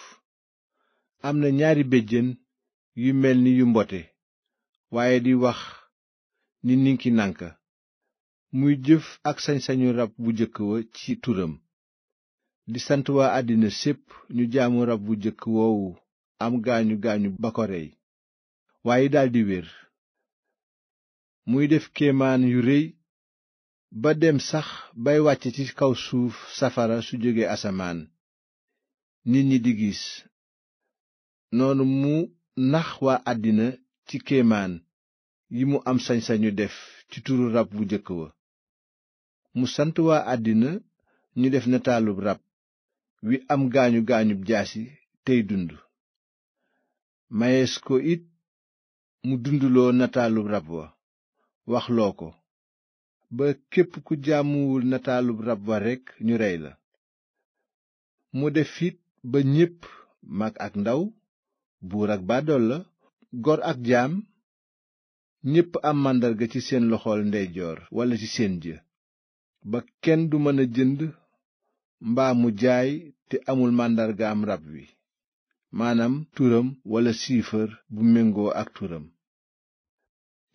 Speaker 1: am na ñaari béjjén yu mel ni yu mbote waaye di wax ni ninki nànka muy jëf ak sañ-sañu rab bu jëkk wa ci turam di sant waa àddina sépp ñu jaamu rab bu jëkk woowu am gaañu gaañu ba ko rey waaye daldi wér muy def kemaan yu rëy ba dem sax bay wàcc ci kaw suuf safara su jóge asamaan nit ñi di gis noonu mu nax waa àddina ci kéemaan yi mu am sañsañu def ci turu rab bu jëkk wa mu sant waa àddina ñu def nataalub rab wi am gaañu gaañub jaasi tey dund mayees ko it mu dunduloo nataalub rab wa waxloo ko ba képp ku jaamuwul nataalub rab wa rekk ñu rey la mu def it ba ñépp mag ak ndaw buur ak la gor ak jaam ñépp am màndarga ci seen loxol ndeyjoor walla ci seen jë ba kenn du mën a jënd mbaa mu jaay te amul màndargaam rab wi maanaam turam walla siifar bu méngoo ak turam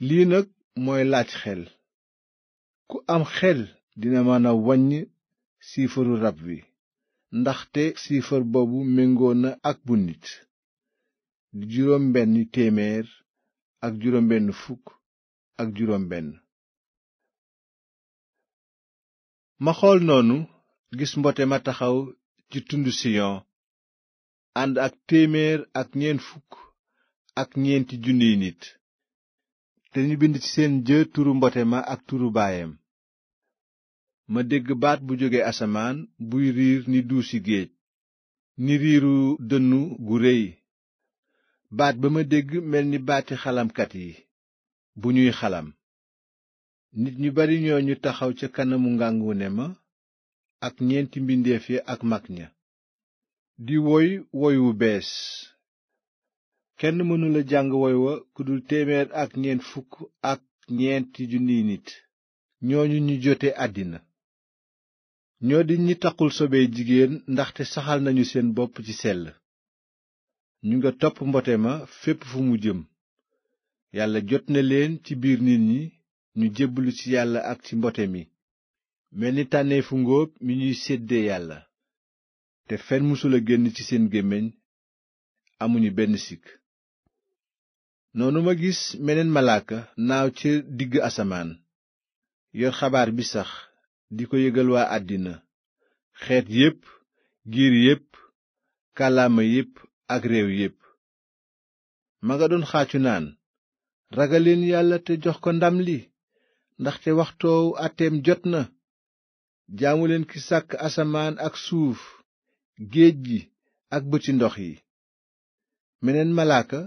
Speaker 1: lii nag mooy laaj xel ku am xel dina mën a wàññ siifaru rab wi ndaxte siifar boobu méngoo na ak bu nit di juróom benn téeméer ak juróom benn fukk ak juróom benn ma xool noonu gis mbote ma taxaw ci tund siyon ànd ak téeméer ak ñeent fukk ak ñeenti junniy nit dañu bind ci seen jë turu mbote ma ak turu baayam ma dégg baat bu jóge asamaan buy riir ni duusi géej ni riiru dënnu gu réy baat ba ma dégg mel ni baati xalamkat yi bu ñuy xalam nit ñu bari ñu taxaw ca kanamu ngànguune ma ak ñeenti mbindeef ya ak mag ña di woy woy wu bees kenn mënula jàng woy wa ku dul téeméer ak ñeent fukk ak ñeenti junniy nit ñooñu ñu jote àddina ñoo di ñi taxul sobe jigéen ndaxte saxal nañu seen bopp ci sell ñu nga topp mbote ma fépp fu mu jëm yàlla jot na leen ci biir nit ñi nu jébbalu ci yàlla ak ci mbote mi mel ni tànneefu ngóob mi ñuy séddee yàlla te fen musula génn ci seen gémmiñ amuñu benn sikk noonu ma gis meneen malaaka naaw ca digg asamaan yor xabaar bi sax di ko yëgal waa àddina xeet yépp giir yépp kàllaama yépp ak réew yépp ma nga doon xaacu naan ragaleen yàlla te jox ko ndam li ndaxte waxtoowu àtteem jot na jaamu ki sàkk asamaan ak suuf géej gi ak bëti ndox yi meneen malaaka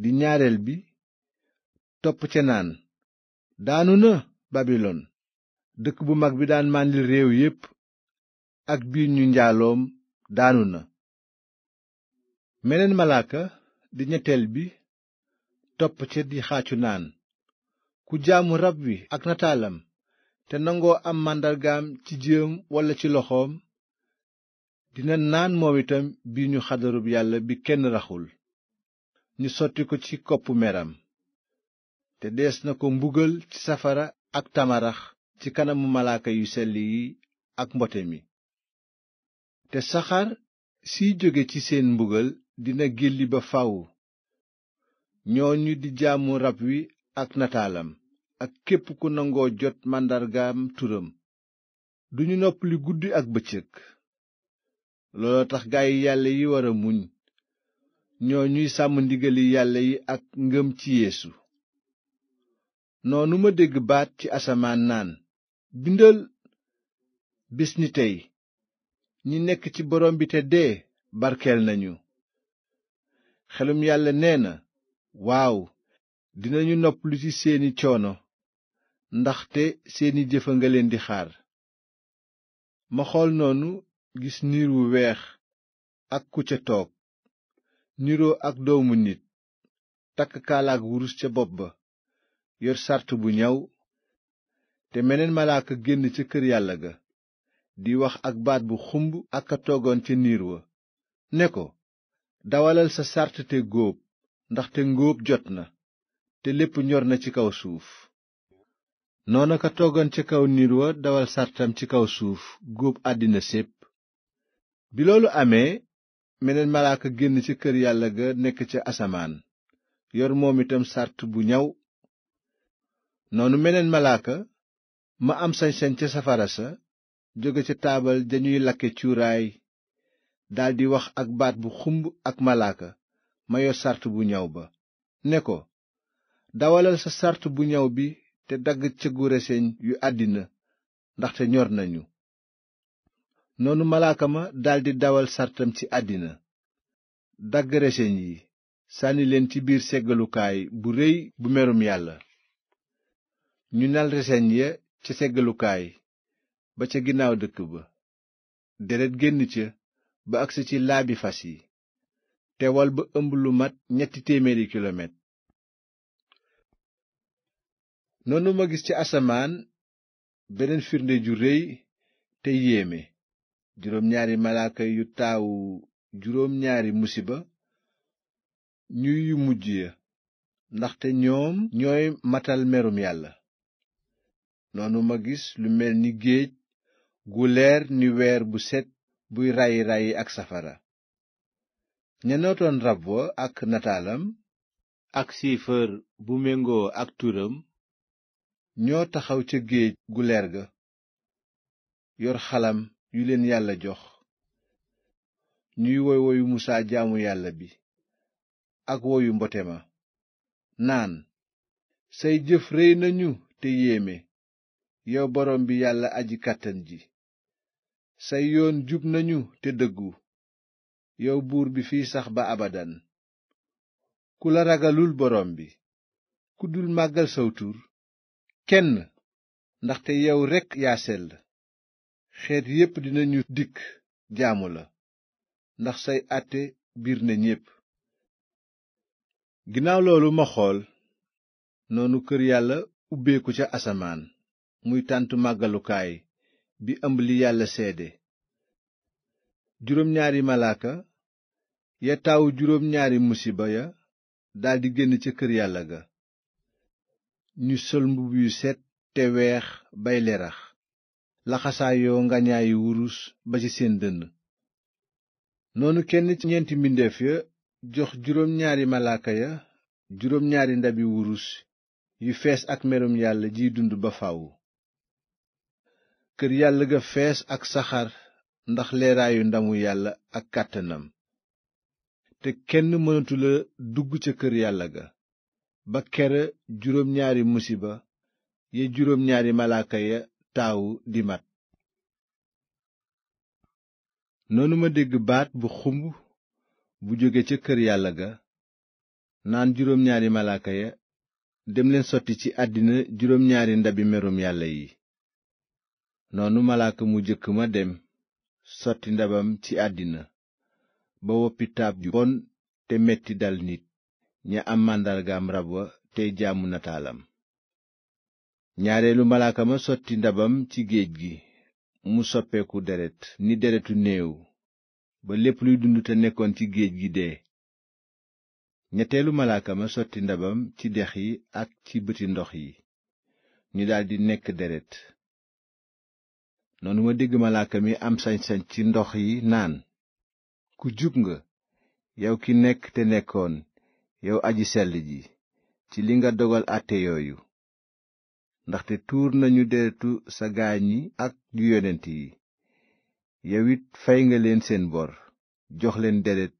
Speaker 1: di ñaareel bi topp ca naan daanu na babilon dëkk bu mag bi daan màndil réew yépp ak biir ñu njaaloom daanu na meneen malaaka di ñetteel bi topp ca di xaacu naan ku jaamu rab wi ak nataalam te nangoo am màndargaam ci jëmm walla ci loxoom dina naan moom itam ñu xadarub yàlla bi kenn raxul ñu sotti ko ci koppu meram te dees na ko mbugal ci safara ak tamarax ci kanamu malaaka yu sell yi ak mbote mi te saxaar siy jóge ci seen mbugal dina gilli ba faw ñooñu di jaamu rab wi ak nataalam ak képp ku nangoo jot màndargaam turam duñu noppali guddi ak bëccëg looloo tax gaayi yàlla yi wara a muñ ñoo ñuy sàmm ndigali yàlla yi ak ngëm ci yéesu noonu ma dégg baat ci asamaan naan bindal bis ni tey ñi nekk ci borom bi te dee barkeel nañu xelum yàlla nee na waaw dinañu lu ci seeni coono ndaxte seeni jëfa nga leen di xaar ma xool noonu gis niir wu weex ak ku ca toog niroo ak doomu nit takk kaalaag wurus ca bopp ba yor sàrt bu ñaw te meneen malaaka génn ca kër yàlla ga di wax ak baat bu xumb ak ka toogoon ca niir wa ne ko dawalal sa sàrt te góob ndaxte ngóob jot na te lépp ñor na ci kaw suuf noona ka toogoon ca kaw niir wa dawal sàrtam ci kaw suuf góob àddina sépp bi loolu amee meneen malaaka génn ca kër yàlla ga nekk ca asamaan yor moom itam sàrt bu ñaw noonu meneen malaaka ma am sañ-sañ ca safara sa jóge ca taabal dañuy lakke cuuraay daldi wax ak baat bu xumb ak malaaka ma yor sàrt bu ñaw ba ne ko dawalal sa sart bu ñaw bi te dagg cëggu reseñ yu àddina ndaxte ñor nañu noonu malaaka ma daldi dawal sartam ci àddina dagg reseñ yi sànni leen ci biir seggalukaay bu réy bu merum yàlla ñu nal reseñ ya ca seggalukaay ba ca ginnaaw dëkk ba deret génn ca ba agsi ci laabi fas yi te wal ba ëmb lu mat ñetti noonu ma gis ci asamaan beneen firnde ju réy te yéeme juróom ñaari malaaka yu taawu juróom ñaari musiba ñuy mujj ya ndaxte ñoom ñooy matal merum yàlla noonu ma gis lu mel ni géej gu leer ni weer bu set buy rayi rayi ak safara ña nootoon rab wa ak nataalam ak siifar bu méngoo ak turam ñoo taxaw ca géej gu leer ga yor xalam yu leen yàlla jox ñuy woy woyu musaa jaamu yàlla bi ak woyu mbote ma naan say jëf rëy nañu te yéeme yow borom bi yàlla aji kàttan ji say yoon jub nañu te dëggu yow buur bi fiy sax ba abadan ku la ragalul borom bi ku dul màggal sawtur kenn ndaxte yow rekk yaa sell xeet yépp dinañu dikk jaamu la ndax say àtte biir na ñépp ginnaaw loolu ma xool noonu kër yàlla ubbeeku ca asamaan muy tànt màggalukaay bi ëmb li yàlla sedde juróom ñaari malaaka ya taawu juróom ñaari musiba ya daldi génn ca kër yàlla ga ñu sol mbubb yu set te weex laxasaayoo ngañaayu wurus ba ci seen dënn noonu kenn ci ñeenti mbindeef ya jox juróom ñaari malaaka ya juróom ñaari ndabi wurus yu fees ak merum yàlla jiy dund ba faw kër yàlla ga fees ak saxaar ndax leeraayu ndamu yàlla ak kàttanam te kenn mënatula dugg ca kër yàlla ga ba kere juróom musiba ye juróom ñaari malaaka taawu di noonu ma dégg baat bu xumb bu jóge ca kër yàlla ga naan juróom ñaari malaaka ya demleen sotti ci àddina juróom ñaari ndabi merum yàlla yi noonu malaaka mu jëkk ma dem sotti ndabam ci àddina ba woppi taab ju bon te metti dal nit am màndargaam rab wa tey ñaareelu malaaka ma sotti ndabam ci géej gi mu soppeeku deret ni deretu néew ba lépp luy dund te nekkoon ci géej gi dee ñetteelu malaaka ma sotti ndabam ci dex yi ak ci bëti ndox yi ñu daldi nekk deret noonu ma dégg malaaka mi am sañsañ ci ndox yi naan ku jub nga yow ki nekk te nekkoon yow aji sell ji ci li nga dogal àtte yooyu ndaxte tuur nañu deretu sa gaañ yi ak yu yonent yi yow it fay nga leen seen bor jox leen deret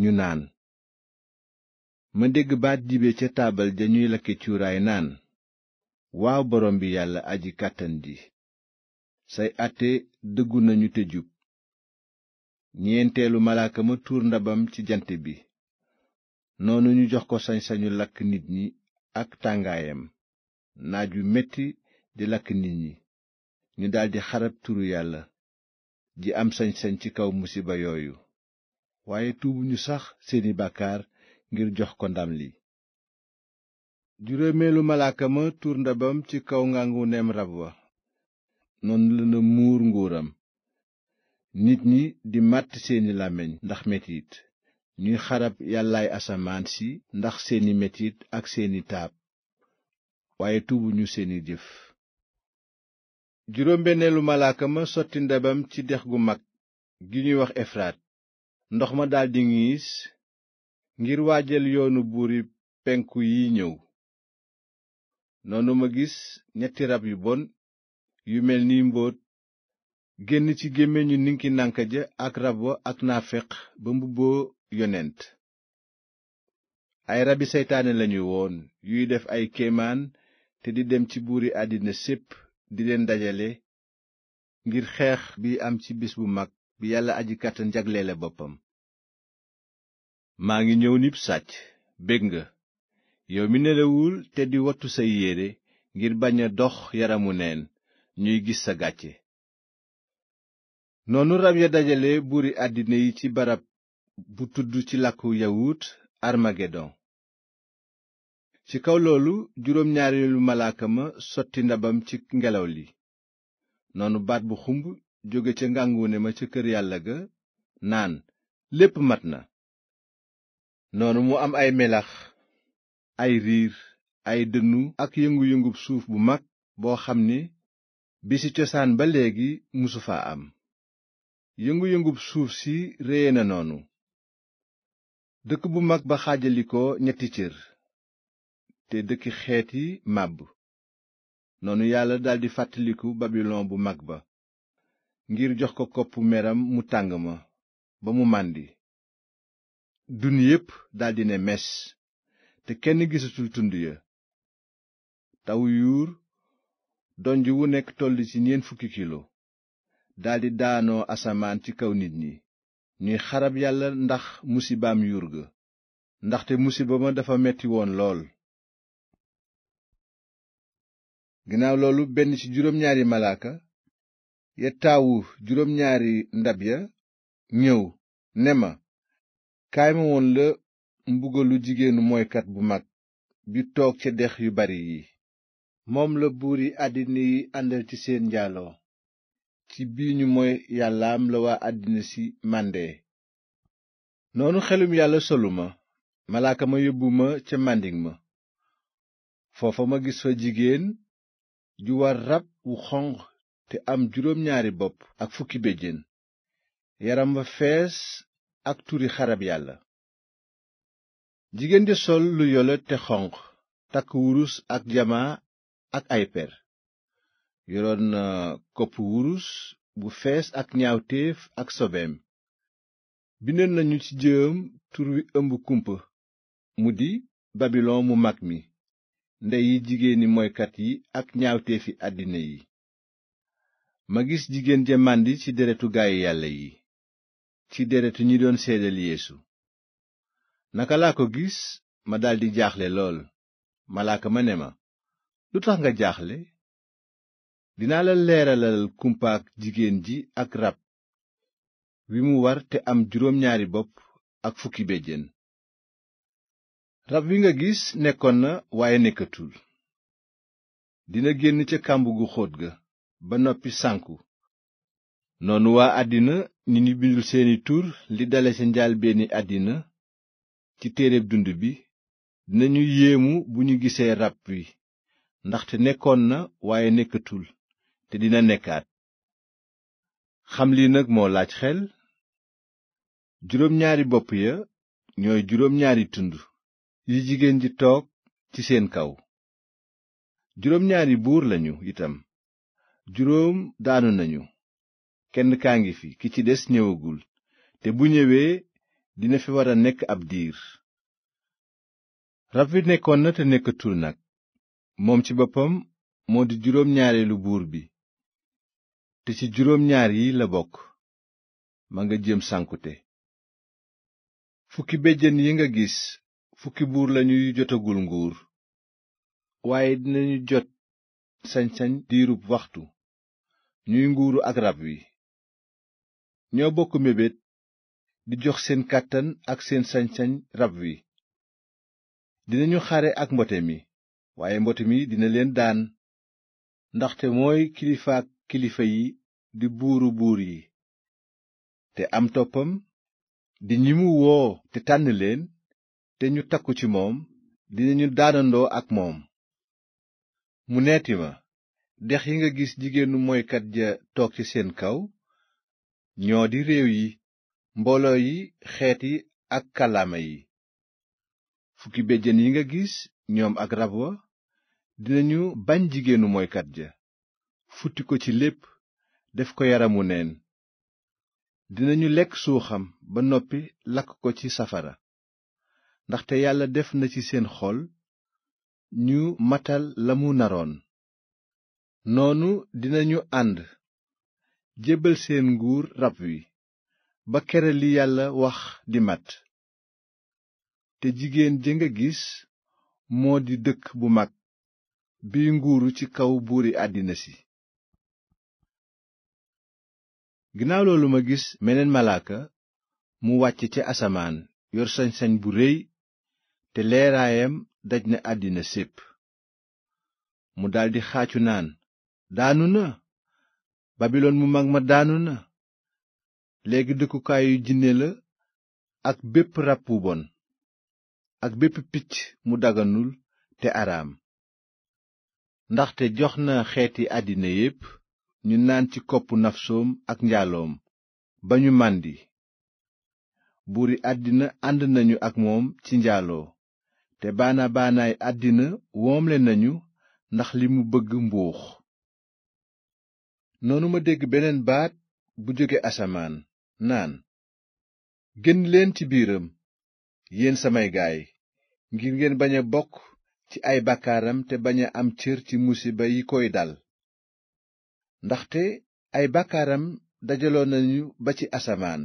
Speaker 1: ñu naan ma dégg baat jibe ca taabal ja ñuy lakke cuuraay naan waaw borom bi yàlla aji kàttan ji say àtte dëggu nañu te jub ñeenteelu ma tuur ndabam ci jant bi noonu ñu jox ko sañ-sañu lakk nit ñi ak tàngaayam naaj yu metti di lakk nit ñi ñu daldi xarab turu yàlla ji am sañ-sañ ci kaw musiba yooyu waaye tuubuñu sax seeni bàkkaar ngir jox ko ndam li juróomeelu malaaka ma tuur ndabam ci kaw ngangu neem rab wa noonu la muur nguuram nit ñi di màtt seeni làmmiñ ndax metit ñuy xarab yàllaay asamaan si ndax seeni metit ak seeni taab waaye tuubuñu seeni jëf juróom-benneelu malaaka ma sotti ndabam ci dex gu mag gi ñuy wax efraat ndox ma daldi ngiis ngir waajal yoonu buur buuri penku yi ñëw noonu ma gis ñetti rab yu bon yu mel ni mbóot génn ci gémmiñu ninki nanka ja ak rab wa ak naafeq ba mbubboo yonent ay rabi seytaane lañu woon yuy def ay kemaan te di dem ci buuri àddina sépp di leen dajale ngir xeex bi am ci bis bu mag bi yàlla aji kàttan jagleele boppam maa ngi ñëw nib sàcc bég nga yow mi nelawul te di wattu say yéere ngir bañ a dox yaramu neen ñuy gis sa gàcce bu tudd ci làkku yawut armagedon ci kaw loolu juróom ñaareelu malaaka ma sotti ndabam ci ngelaw li noonu baat bu xumb jóge ca ngànguune ma ca kër yàlla ga naan lépp mat na noonu mu am ay melax ay riir ay dënnu ak yëngu yëngu suuf bu mag boo xam ni bi ci cosaan ba léegi musu am yëngu-yëngub suuf si réye na noonu dëkk bu mag ba xaajalikoo ñetti cër te dëkk xeeti yi màbb noonu yàlla daldi fàttaliku babilon bu mag ba ngir jox ko koppu meram mu tàng ma ba mu màndi dun yépp daldi ne mes te kenn gisatul tund ya taw yuur donj wu nekk toll ci ñeent fukki kilo daldi daanoo asamaan ci kaw nit ñi ñuy xarab yàlla ndax musibaam yurga ndaxte musiba dafa metti lool ginnaaw loolu benn ci juróom ñaari malaaka ya taawu juróom ñaari ndab ya ñëw ne ma kaay ma woon la mbugalu jigéenu moykat bu mag bi toog ca dex yu bari yi moom la buur yi àddina yi àndal ci seen njaaloo ci bii mooy yàllaam la waa àddina si mànde noonu xelum yàlla solu ma malaaka ma yóbbu ma ca màndiŋ ma foofa ma gis fa jigéen ju war rab wu xonq te am juróom ñaari bopp ak fukki béjjén yaram wa fees ak turi xarab yàlla sol lu yole te xonq takk wurus ak jamaa ak ay per yoroon na uh, kopp wurus bu fees ak ñaawteef ak sobeem bindoon nañu ci jëwam tur wi ëmb kumpa mu di babilon mu mag mi ndeyi jigéeni moykat yi ak ñaawteefi àddina yi ma gis jigéen ja màndi ci deretu gaayu yàlla yi ci deretu ñi doon seedal yéesu naka laa ko gis ma daldi jaaxle lool malaaka ma ne ma lu tax nga jaaxle dinaa la leeralal kumpaak jigéen ji ak rab wi mu war te am juróom ñaari bopp ak fukki béjjén rab wi nga gis nekkoon na waaye nekkatul dina génn ca kàmb gu xóot ga ba noppi sànku noonu waa àddina ñi ñu bindul seeni tur li dale ca njaalbeeni àddina ci téereb dund bi dinañu yéemu bu ñu gisee rab wi ndaxte nekkoon na waaye nekkatul te dina nekkaat xam lii nag moo laaj xel juróom ñaari bopp ya ñooy juróom ñaari tund yi jigéen ji toog ci seen kaw juróom ñaari buur lañu itam juróom daanu nañu kenn kaa ngi fi ki ci des ñëwagul te bu ñëwee dina fi war a nekk ab diir rab wi nekkoon na te nekkatul nag moom ci boppam moo di juróom ñaareelu buur bi te ci juróom ñaar yi la bokk ma nga jëm sankute fukki béjjén yi nga gis fukki buur lañuy jotagul nguur waaye dinañu jot sañ-sañ diirub waxtu ñuy nguuru ak rab wi ñoo bokk mébét di jox seen kàttan ak seen sañ rab wi dinañu xare ak mbote mi waaye mbote mi dina leen daan ndaxte mooy kilifaak kilifa yi di buuru buur yi te am toppam di ñi mu woo te tànn leen te ñu takku ci moom dinañu daanandoo ak moom mu neeti ma dex yi nga gis jigéenu moykat ja toog ci seen kaw ñoo di réew yi mbooloo yi xeeti ak kalaama yi fukki yi nga gis ñoom ak rab dinañu bañ jigéenu moykat ja futti ko ci lépp def ko yaramu neen dinañu lekk suuxam ba noppi lakk ko ci safara ndaxte yàlla def na ci seen xol ñu matal la mu naroon noonu dinañu ànd jébbal seen nguur rab wi ba kere li yàlla wax di mat te jigéen ja nga gis moo di dëkk bu mag bi nguuru ci kaw buuri àddina si ginnaaw loolu ma gis meneen malaaka mu wàcc ca asamaan yor sañ bu réy te leeraayam daj na àddina sépp mu daldi xaacu naan daanu na babilon mu mag ma daanu na léegi dëkkukaayu jinne la ak bépp rab wu bon ak bépp picc mu daganul te araam ndaxte jox na xeeti àddina yépp ñu naan ci koppu nafsoom ak njaaloom ba ñu màndi buuri àddina ànd nañu ak moom ci njaaloo te baana baanaay àddina woomle nañu ndax li mu bëgg mbuux noonu ma dégg beneen baat bu jóge asamaan naan génn leen ci biiram yéen samay gaay ngir ngeen bañ a bokk ci ay bakkaaram te bañ a am cër ci musiba yi koy dal ndaxte ay bakkaaram dajaloo nañu ba ci asamaan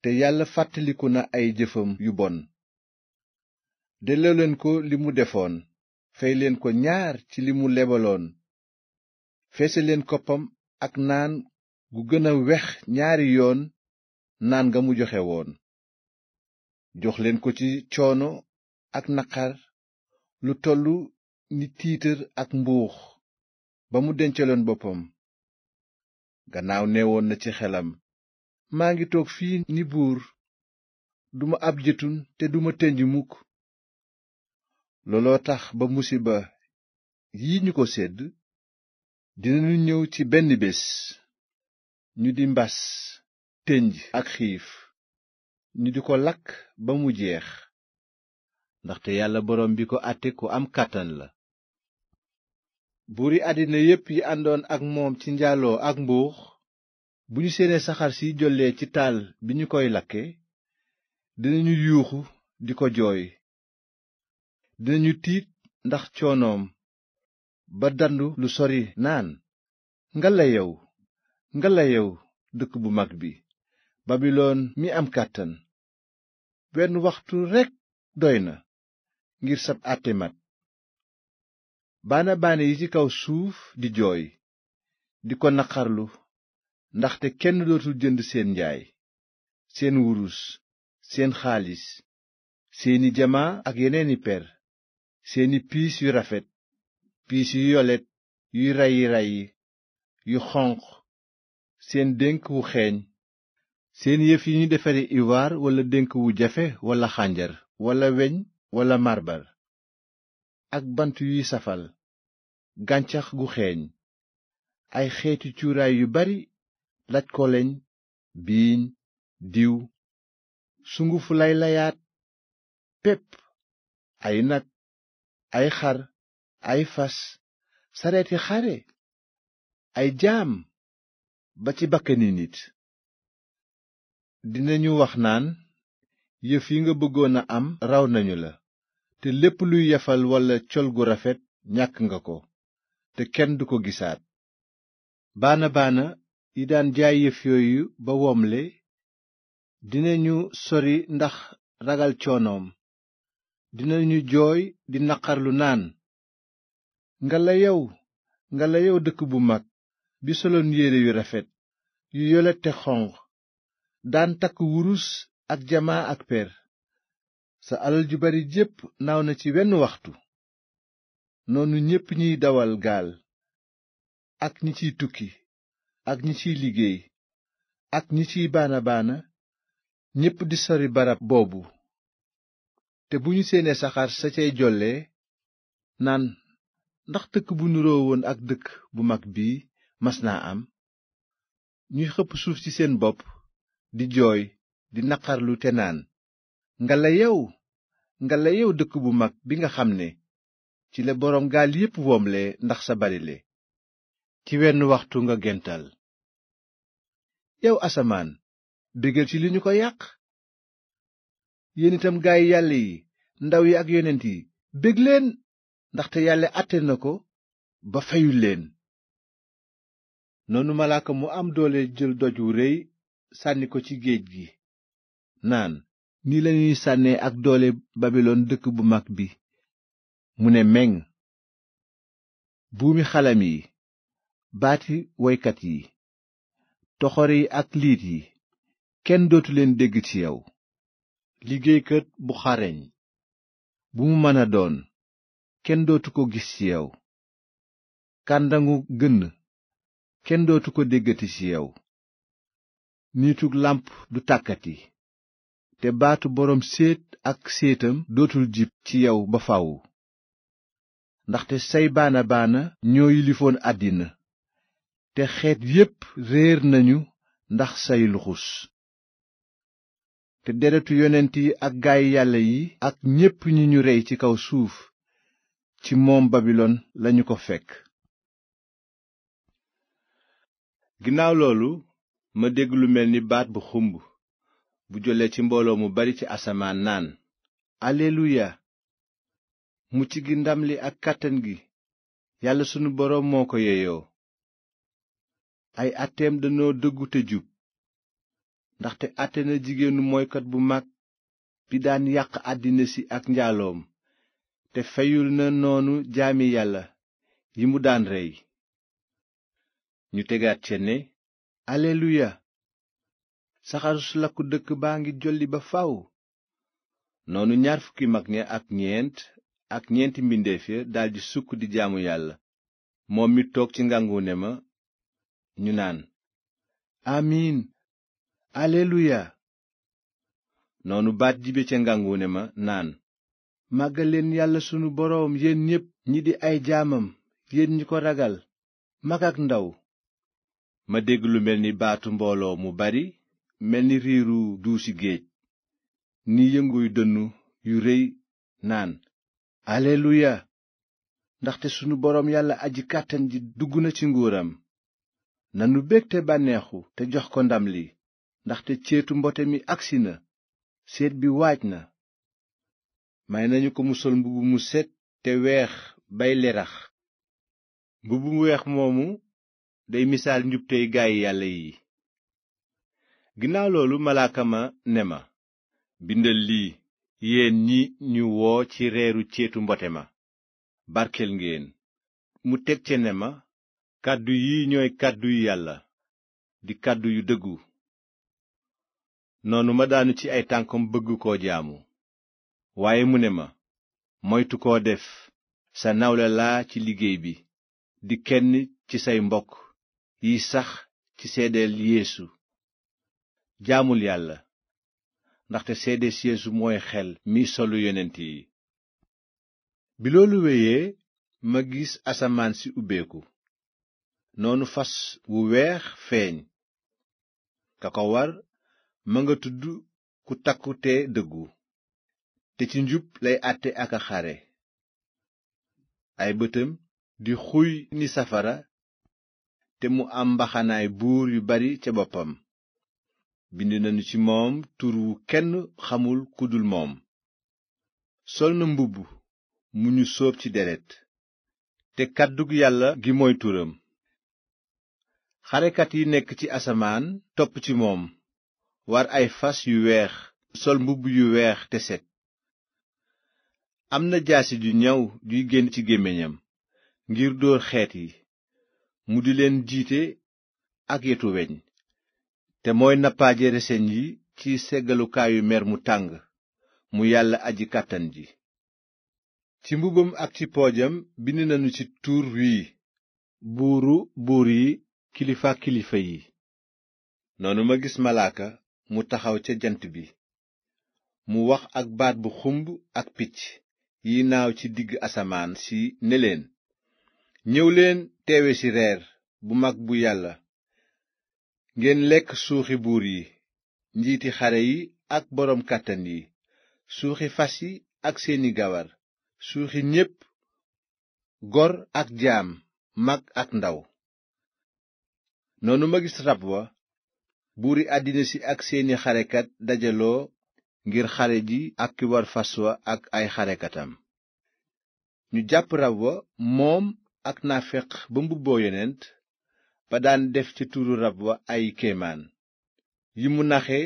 Speaker 1: te yàlla fàttaliku na ay jëfam yu bon delloo ko li mu defoon fey leen ko ñaar ci li mu lebaloon feese leen koppam ak naan gu gëna a wex ñaari yoon naan nga mu joxe woon jox leen ko ci coono ak naqar lu tollu ni tiitër ak mbuux ba mu dencaloon boppam gannaaw woon na ci xelam maa ngi toog fii ni buur duma ab jëtun te duma tenj mukk looloo tax ba musiba yi ñu ko sedd dinañu ñëw ci benn bés ñu di mbas tenj ak xiif ñu di ko lakk ba mu jeex ndaxte yàlla borom bi ko àtte ko am kàttan la buur buuri àddina yépp yi àndoon ak moom ci njaaloo ak mbuux bu ñu seenee saxaar si jollee ci taal bi ñu koy lakke dinañu yuuxu di ko jooy dinañu tiit ndax coonoom ba dandu lu sori naan ngalla yow dëkk bu mag bi babilon mi am kàttan benn waxtu rekk doy na ngir sab àtte mat baana baana yi ci kaw suuf di jooy di ko naqarlu ndaxte kenn dootul jënd seen njaay seen wurus seen xaalis seeni jamaa ak yeneeni per seeni piis yu rafet piis yu yolet yuy rayyi rayyi yu xonq seen dénk wu xeeñ seen yëf yi ñu defare iwaar walla dénk wu jafe walla xànjar walla weñ walla marbar ak bant yuy safal gàncax gu xeeñ ay xeeti cuuraay yu bari laj koleñ biiñ diw sungufu lay layaat pépp ay nag ay xar ay fas sareeti xare ay jaam ba ci bakkani nit dinañu wax naan yëf yi nga bëggoona am raw nañu la te lépp luy yafal walla col gu rafet ñàkk nga ko te kenn du ko gisaat baana baana yi daan jaay yëf yooyu ba womle dinañu sori ndax ragal coonoom dina ñu jooy di naqarlu naan ngala yow ngala yow dëkk bu mag bi soloon yére yu rafet yu yole te xonq daan takk wurus ak jamaa ak per sa alal ju bari jépp naaw na ci wenn waxtu noonu ñépp ñiy dawal gaal ak ñi ciy tukki ak ñi ciy liggéey ak ñi ciy baana baana ñépp di sori barab boobu te bu ñu seenee saxaar sa cay jolle naan ndax dëkk bu nuroo woon ak dëkk bu mag bii mas naa am ñuy xëpp suuf ci seen bopp di jooy di naqarlu te naan ngala yow ngala yow dëkk bu mag bi nga xam ne ci la boroom gaal yépp woomle ndax sa barile ci wenn waxtu nga gental yow asamaan bégal ci li ñu ko yàq yéen itam gaay yàlla yi ndaw yi ak yonent yi bég leen ndaxte yàlla àtte na ko ba feyul leen noonu malaaka mu am doole jël doj wu rëy sànni ko ci géej gi naan ni lañuy sànnee ak doole babilon dëkk bu mag bi mu ne meŋ buumi xalam yi baati woykat yi toxore yi ak liit yi kenn dootu leen dégg ci yow liggéeykat bu xareñ bu mu mën a doon kenn dootu ko gis ci yow kàndangu gën kenn dootu ko déggati ci yow niitug làmp du tàkkati te baatu boroom séet ak séetam dootul jib ci yow ba faw ndaxte say baana baana ñoo yilifoon àddina te xeet yépp réer nañu ndax say luxus te deretu yonent yi ak gaay yàlla yi ak ñépp ñi ñu rey ci kaw suuf ci moom babilon lañu ko fekk ginnaaw loolu ma dégg lu mel baat bu xumb bu jollee ci mbooloo mu bari ci asamaan naan alleluya mucc gi ndam li ak kàttan gi yàlla sunu boroom moo ko yeyoo ay àtteem danoo dëggu te jub ndaxte àtte na jigéenu moykat bu mag bi daan yàq àddina si ak njaaloom te feyul na noonu jaami yàlla yi mu daan rey ñu tegaat ca alleluya saxaru su lakku dëkk baa ngi jolli ba faw noonu ñaar fukki mag ña ak ñeent ak ñeenti mbindeef ya daldi sukk di jaamu yàlla moom mi toog ci ngàngune ma ñu naan amiin alleluya noonu baat jibe ca ngàngune ma naan màggaleen yàlla sunu boroom yéen ñépp ñi di ay jaamam yéen ñi ko ragal mag ak ndaw ma dégg lu mel ni baatu mbooloo mu bari mel ni riiru duusi géej ni yënguy dënnu yu rëy naan alleluya ndaxte sunu boroom yàlla aji kàttan ji dugg na ci nguuram nanu bég te bànneexu te jox ko ndam li ndaxte ceetu mbote mi agsi na seet bi waaj na may nañu ko mu sol mbubb mu set te weex bay lerax mbubb mu weex moomu day misaal njubtey gaay yàlla yi ginnaaw loolu malaaka ma ne ma bindal lii yéen ñi ñu woo ci reeru ceetu mbote ma barkeel ngeen mu teg ce ne ma kàddu yi ñooy kàddu yu yàlla di kàddu yu dëggu noonu ma daanu ci ay tànkam bëgg koo jaamu waaye mu ne ma moytu koo def sa nawle laa ci liggéey bi di kenn ci say mbokk yi sax ci seedeel yéesu jaamul yàlla ndaxte seede si Yeesu mooy xel mi solu yonent yi bi loolu wéyee ma gis asamaan si ubbeeku noonu fas wu weex feeñ ka ko war ma nga tudd ku takkute dëggu te ci njub lay àtte ak a xare ay bëtam di xuy ni safara te mu am mbaxanaay buur yu bari ca boppam bind nañu ci moom tur wu kenn xamul ku dul moom sol na mbubb mu ñu sóob ci deret te kàddug yàlla gi mooy turam xarekat yi nekk ci asamaan topp ci moom war ay fas yu weex sol mbubb yu weex te set am na jaasi ju ñaw juy génn ci gémmiñam ngir dóor xeet yi mu di leen jiite ak yetu weñ te mooy nappaaje reseñ yi ci seggalukaayu mer mu tàng mu yàlla aji kàttan ji ci mbubam ak ci poojam bind nañu ci tuur wii buuru buur yi kilifa kilifa yi noonu ma gis malaaka mu taxaw ca jant bi mu wax ak baat bu xumb ak picc yi naaw ci digg asamaan si ne leen ñëw leen teewe ci reer bu mag bu yàlla ngeen lekk suuxi buur yi njiiti xare yi ak boroom kàttan yi suuxi fas yi ak seeni gawar suuxi ñépp gor ak jaam mag ak ndaw noonu ma gis rab wa buuri àddina si ak seeni xarekat dajaloo ngir xare ji ak ki war fas wa ak ay xarekatam ñu jàpp rab wa moom ak naa naaféq ba mbubboo yonent ba daan def ci turu rab wa ay kéemaan yi mu naxe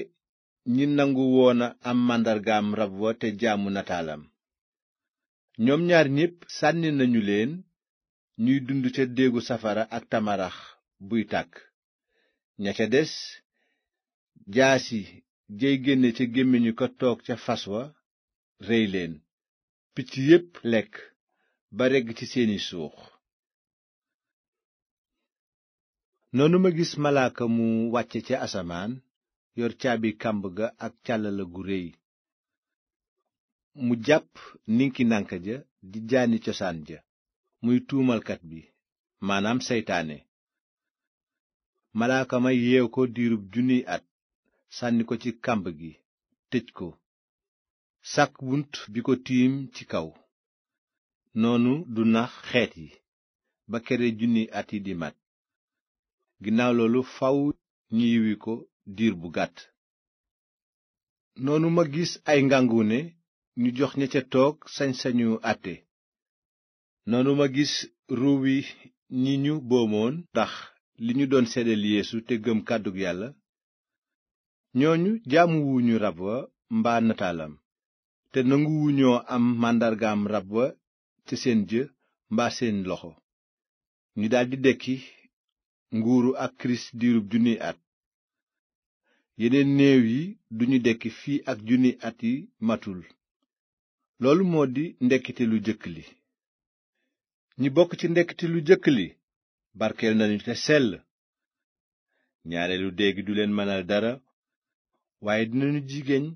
Speaker 1: ñi nangu woon a am màndargaam rab wa te jaamu nataalam ñoom ñaar ñépp sànni nañu leen ñuy dund ca déegu safara ak tamarax buy tàkk ña ca des jaasi jey génne ca gémmiñu ko toog ca fas wa rëy leen picc yépp lekk ba regg ci seeni suux noonu ma gis malaaka mu wàcce ca asamaan yor caabi kàmb ga ak càllala gu réy mu jàpp ninki nànka ja di jaani cosaan ja muy tuumalkat bi maanaam seytaane malaaka ma yeew ko diirub junniy at sànni ko ci kàmb gi tëj ko sàkk bunt bi ko tiim ci kaw noonu du nax xeet yi ba kere junniy at yi di mat ginnaaw loolu faw ko diir bu gàtt noonu ma gis ay ngàngune ñu jox ña ca toog sañ-sañu àtte noonu ma gis ruuwi ñi ñu boomoon ndax li ñu doon seddal yeesu te gëm kàddug yàlla ñooñu jaamu wuñu rab wa mbaa nataalam te nanguwuñoo am màndargaam rab wa ca seen jë mbaa seen loxo ñu daldi dekki nguuru ak kirist diirub junniy at yeneen néew yi duñu dekki fii ak junniy at yi matul loolu moo di ndekkite lu jëkk li ñi bokk ci ndekkite lu jëkk li barkeel nañu te sell ñaareelu dee du leen mënal dara waaye dinañu jigéen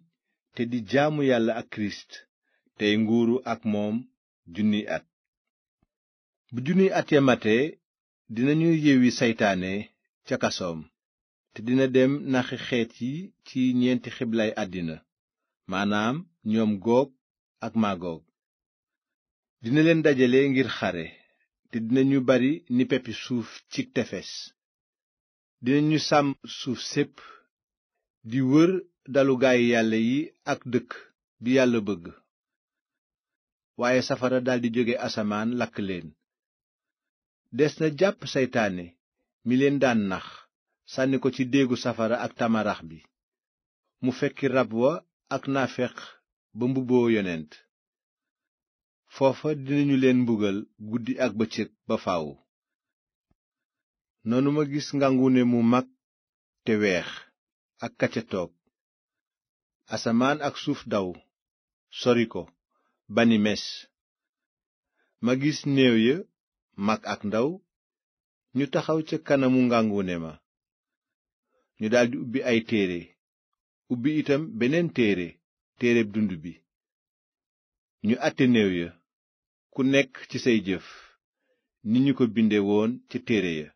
Speaker 1: te di jaamu yàlla ak kirist tey nguuru ak moom junniy at bu junniy at ya matee dinañu yewi seytaane ca kasoom te dina dem naxi xeet yi ci ñeenti xiblay àddina maanaam ñoom goog ak magoog dina leen dajale ngir xare te dina ñu bari ni peppi suuf ci tefes dinañu sàmm suuf sépp di wër dalu gaay yàlla yi ak dëkk bi yàlla bëgg waaye safara daldi jóge asamaan lakk leen des na jàpp seytaane mi leen daan nax sànni ko ci déggu safara ak tamarax bi mu fekki rab wa ak naafeq ba mbubboo yonent foofa dinañu leen mbugal guddi ak bëccëg ba faw noonu ma gis ngàngune mu mag te weex ak kacca toog asamaan ak suuf daw sori ko bani mes ma gis neew ya mag ak ndaw ñu taxaw ca kanamu ngàngune ma ñu daldi ubbi ay téere ubbi itam beneen téere téere dund bi ñu àtte néew ya ku nekk ci say jëf ni ñu ko binde woon ca téere ya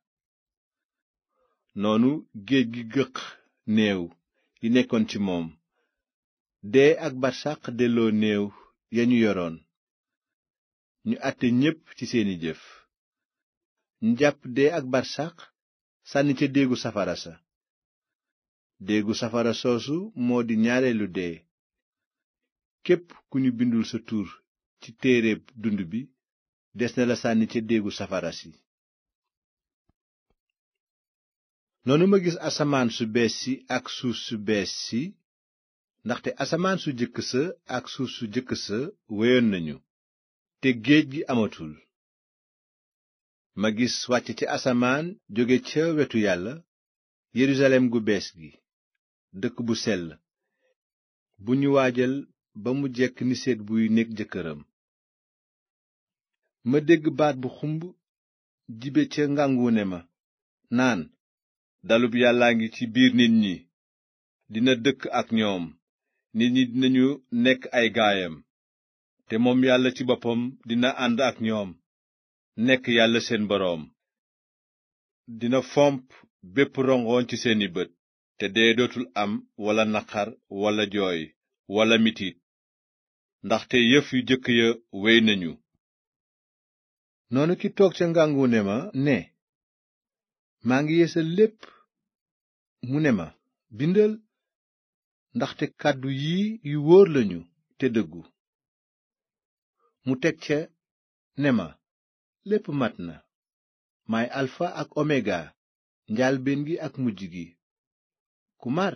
Speaker 1: noonu géej gi gëq néew yi nekkoon ci moom dee ak barsàq delloo néew ya ñu yoroon ñu àtte ñépp ci seeni jëf ñu jàpp dee ak barsaq sànni ca déegu safara sa déegu safara soosu moo di ñaareelu dee képp ku ñu bindul sa tur ci téereb dund bi des na la sànni ca déegu safara si noonu ma gis asamaan su bees si ak suuf su bees si ndaxte asamaan su jëkk sa ak suuf su jëkk sa wéyoon nañu te géej gi amatul ma gis wàcc ci asamaan jóge ca wetu yàlla yerusalem gu bees gi dëkk bu sell bu ñu waajal ba mu jekk ni seet buy nekk jëkkëram ma dégg baat bu xumb jibe ca ngànguune ma naan dalub yàllaa ngi ci biir nit ñi dina dëkk ak ñoom nit ñi dinañu nekk ay gaayam te moom yàlla ci boppam dina ànd ak ñoom nekk yàlla seen boroom dina fomp bépp rongoñ ci seeni bët te dee dootul am walla naqar walla jooy walla mitiit ndaxte yëf yu jëkk ya wéy nañu noonu ki toog ca ngàngu ma ne maa ngi yeesal lépp mu ne ma bindal ndaxte kàddu yi yu wóor lañu te dëggu mu teg ca ne ma lépp mat na maay alfa ak omega njaalbéen gi ak mujj gi ku mar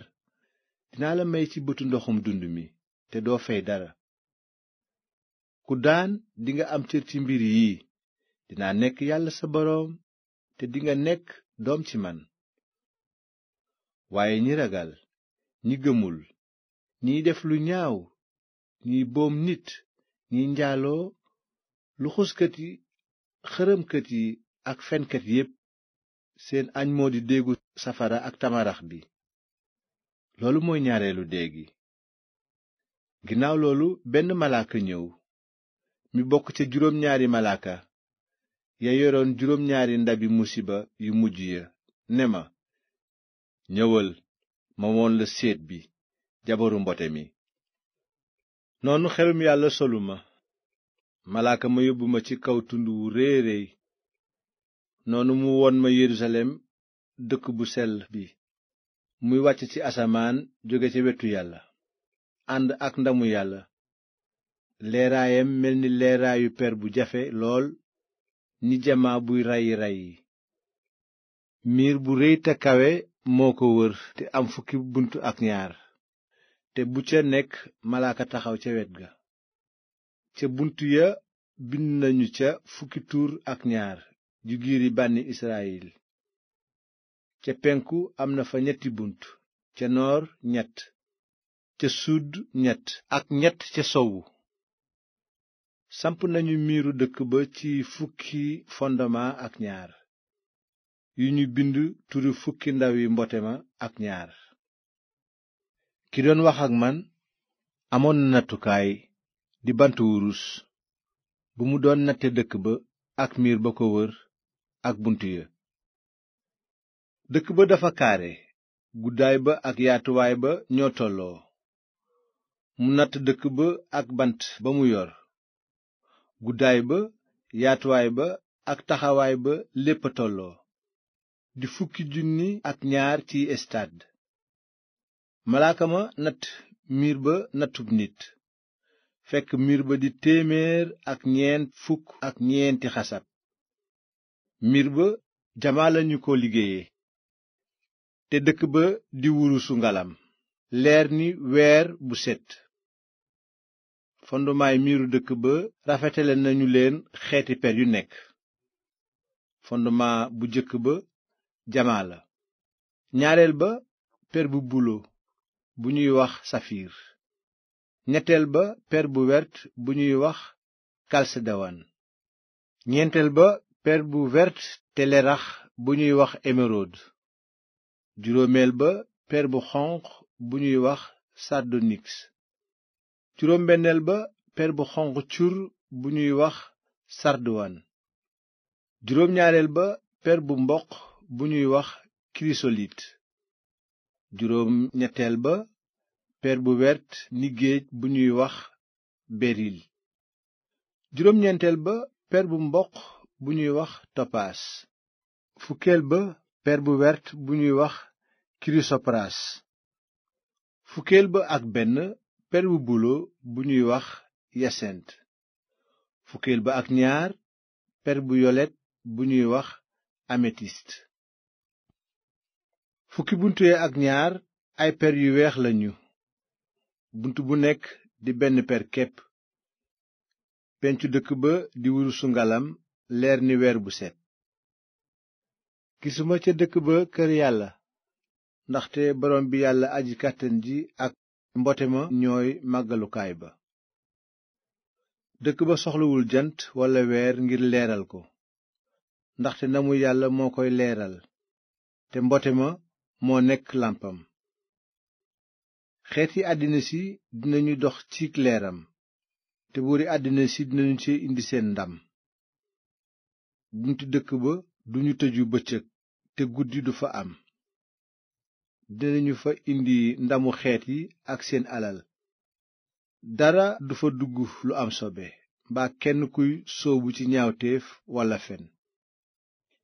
Speaker 1: dinaa la may ci bëtu ndoxum dund mi te doo fay dara ku daan dinga am cër ci mbir yi dinaa nekk yàlla sa boroom te dinga nekk doom ci man waaye ñi ragal ñi gëmul ñiy def lu ñaaw ñiy boom nit ñiy njaaloo luxuskat yi xërëmkat yi ak fenkat yépp seen añ moo di déggu safara ak tamarax bi loolu mooy ñaareelu dee gi ginnaaw loolu benn malaaka ñëw mi bokk ca juróom ñaari malaaka ya yoroon juróom ñaari ndabi musiba yu mujj ya ne ma ñëwal ma woon la séet bi jabaru mbote mi malaaka ma yóbbu ma ci kaw tund wu réy réy noonu mu won ma yerusalem dëkk bu sell bi muy wàcc ci asamaan jóge ca wetu yàlla ànd ak ndamu yàlla leeraayam mel ni leeraayu per bu jafe lool ni jamaa buy rayyi rayyi miir bu réy te kawe moo ko wër te am fukki bunt ak ñaar te bu ca nekk malaaka taxaw ca wet ga ca bunt ya bind nañu ca fukki tuur ak ñaar ju giiri bànni israyil ca penku am na fa ñetti bunt ca noor ñett ca sud ñett ak ñett ca sowu samp nañu miiru dëkk ba ci fukki fondement ak ñaar yu ñu bind turi fukki ndawi mbote ma ak ñaar ki doon wax ak man amoon na nattukaay di bantuwurus bu mu doon natte dëkk ba ak miir ba ko wër ak bunt ya dëkk ba dafa kaare guddaay ba ak yaatuwaay ba ñoo tolloo mu natt dëkk ba ak bant ba mu yor guddaay ba yaatuwaay ba ak taxawaay ba lépp tolloo di fukki junni ak ñaar ci estad malaaka ma natt miir ba nattub nit fekk miir ba di téeméer ak ñeent fukk ak ñeenti xasab mbir ba jamaa lañu ko liggéeye te dëkk ba di wurusu ngalam leer ni weer bu set fondumaay miiru dëkk ba rafetale nañu leen xeeti per yu nekk fondumaa bu jëkk ba jamaa la ñaareel ba per bu bulo bu ñuy wax safiir ñetteel ba per bu wert bu ñuy wax kalsedawan ñeenteel ba per bu wert te lerax bu ñuy wax emerod juróomeel ba per bu xonq bu ñuy wax sardonyx juróom benneel ba per bu xonq cur bu ñuy wax sarduwan juróom ñaareel ba per bu mboq bu ñuy wax kirisolit juróom ñetteel ba per bu wert ni bu ñuy wax beril juróom ñeenteel ba per bu mboq bu ñuy wax topaas fukkeel ba per bu wert bu ñuy wax kirisopraas fukkeel ba ak benn per bu bulo bu ñuy wax yasent fukkeel ba ak ñaar per bu yolet bu ñuy wax améthyste fukki buntu ya ak ñaar per yu weex lañu bunt bu nekk di benn per képp pencu dëkk ba di wurusu ngalam leer ni weer bu set gisuma ca dëkk ba kër yàlla ndaxte borom bi yàlla aji kàttan ji ak mbote ma ñooy màggalukaay ba dëkk ba soxlawul jant walla weer ngir leeral ko ndaxte namu yàlla moo koy leeral te mbote ma moo nekk làmpam xeet yi àddina si dinañu dox ci leeram te buuri àddina si dinañu ci indi seen ndam buntu dëkk ba duñu tëju bëccëg te guddi du fa am dinañu fa indi ndamu xeet yi ak seen alal dara du fa dugg lu am sobe mbaa kenn kuy soobu ci ñaawteef walla fen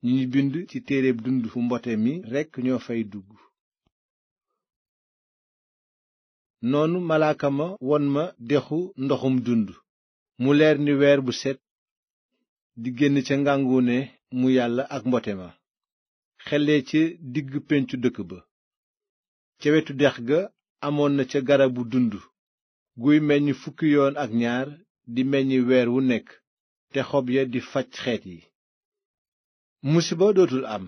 Speaker 1: ñi ñu bind ci téereb dund fu mbote mi rekk ñoo fay dugg noonu malaaka ma won ma dexu ndoxum dund mu leer ni weer bu set di génn ca ngànguune mu yàlla ak mbote ma xellee ca diggu péncu dëkk ba ca wetu dex ga amoon na ca garabu dund guy meññ fukki yoon ak ñaar di meññ weer wu nekk te xob ya di faj xeet yi musiba dootul am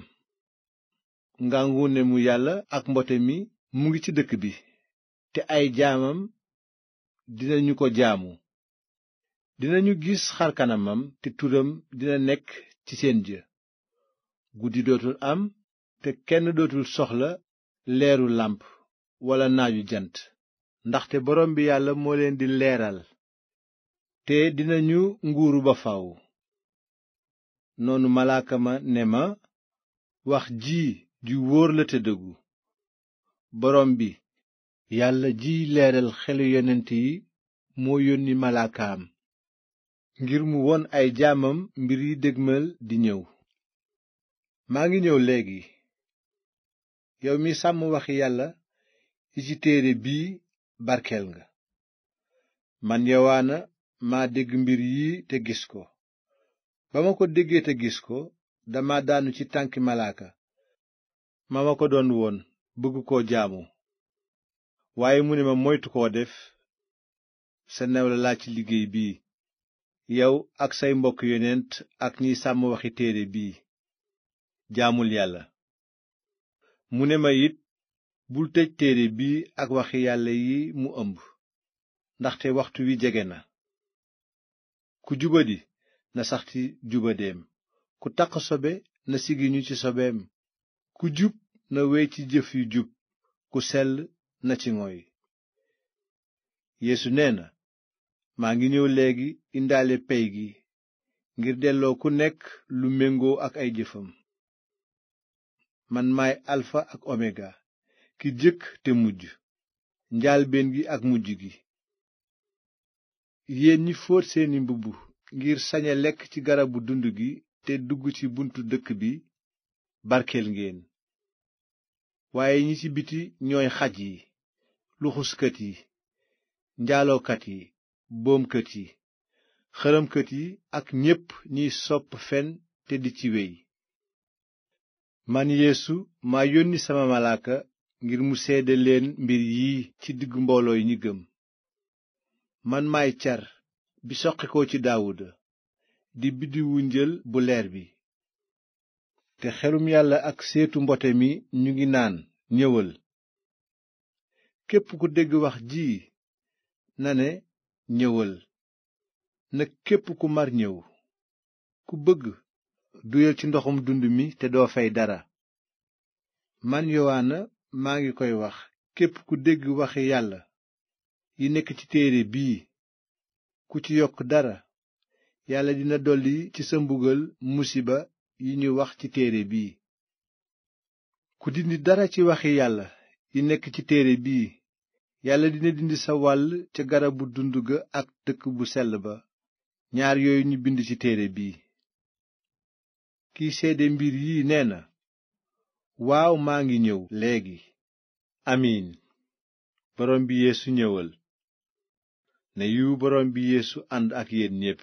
Speaker 1: ngànguune mu yàlla ak mbote mi mu ngi ci dëkk bi te ay jaamam dinañu ko jaamu dinañu gis xarkanamam te turam dina nekk ci seen jë guddi dootul am te kenn dootul soxla leeru làmp walla naaju jant ndaxte borom bi yàlla moo leen di leeral te dinañu nguuru ba faw noonu malaaka ma ne ma wax ji ju wóor la te borom bi yàlla ji leeral xelu yonent yi moo yónni malaakaam ngir mu won ay jaamam mbir yi dégmal di ñëw maa ngi ñëw léegi yow mi sàmm wax yàlla yi ci téere bii barkeel nga man yowaana maa dégg mbir yi te gis ko ba ma ko déggee te gis ko dama daanu ci tànki malaaka ma ma ko doon woon bëgg koo jaamu waaye mu ne ma moytu koo def sa newla laa ci liggéey bii yow ak say mbokk yonent ak ñiy sàmm waxi téere bii jaamul yàlla mu ne ma it bul tëj téere bii ak waxi yàlla yi mu ëmb ndaxte waxtu wi jege na ku jubadi na sax jubadeem ku taq sobe na sigiñu ci sobeem ku jub na wey ci jëf yu jub ku sell na ci nee na maa ngi ñëw léegi indaale pey gi ngir delloo ku nekk lu méngoo ak ay jëfam man maay alfa ak omega ki jëkk te mujj njaalbeen gi ak mujj gi yéen ñi fóot seeni mbubb ngir saña lekk ci garabu dund gi te dugg ci buntu dëkk bi barkeel ngeen waaye ñi ci biti ñooy xaj yi luxuskat yi njaalookat yi boomkat yi xërëmkët yi ak ñépp ñiy sopp fen te di ci wey man yéesu maa yónni sama malaaka ngir mu seede leen mbir yi ci diggu mbooloo ñi gëm man maay car bi soqi ci daawuda di biddiwu njël bu leer bi te xelum yàlla ak seetu mbote mi ñu ngi naan ñëwal képp ku dégg wax ji na ne ñëwal na képp ku mar ñëw ku bëgg duyal ci ndoxum dund mi te doo fay dara man yowaana maa ngi koy wax képp ku dégg waxi yàlla yi nekk ci téere bii ku ci yokk dara yàlla dina dolli ci sa mbugal musiba yi ñu wax ci téere bii ku dindi dara ci waxi yàlla yi nekk ci téere bii yàlla dina dindi sa wàll ca garabu dund ga ak dëkk bu sell ba ñaar yooyu ñu bind ci téere bii kiy seede mbir yii nee na waaw maa ngi ñëw léegi amiin borom bi yeesu ñëwal ne borom bi yéesu ànd ak yéen ñépp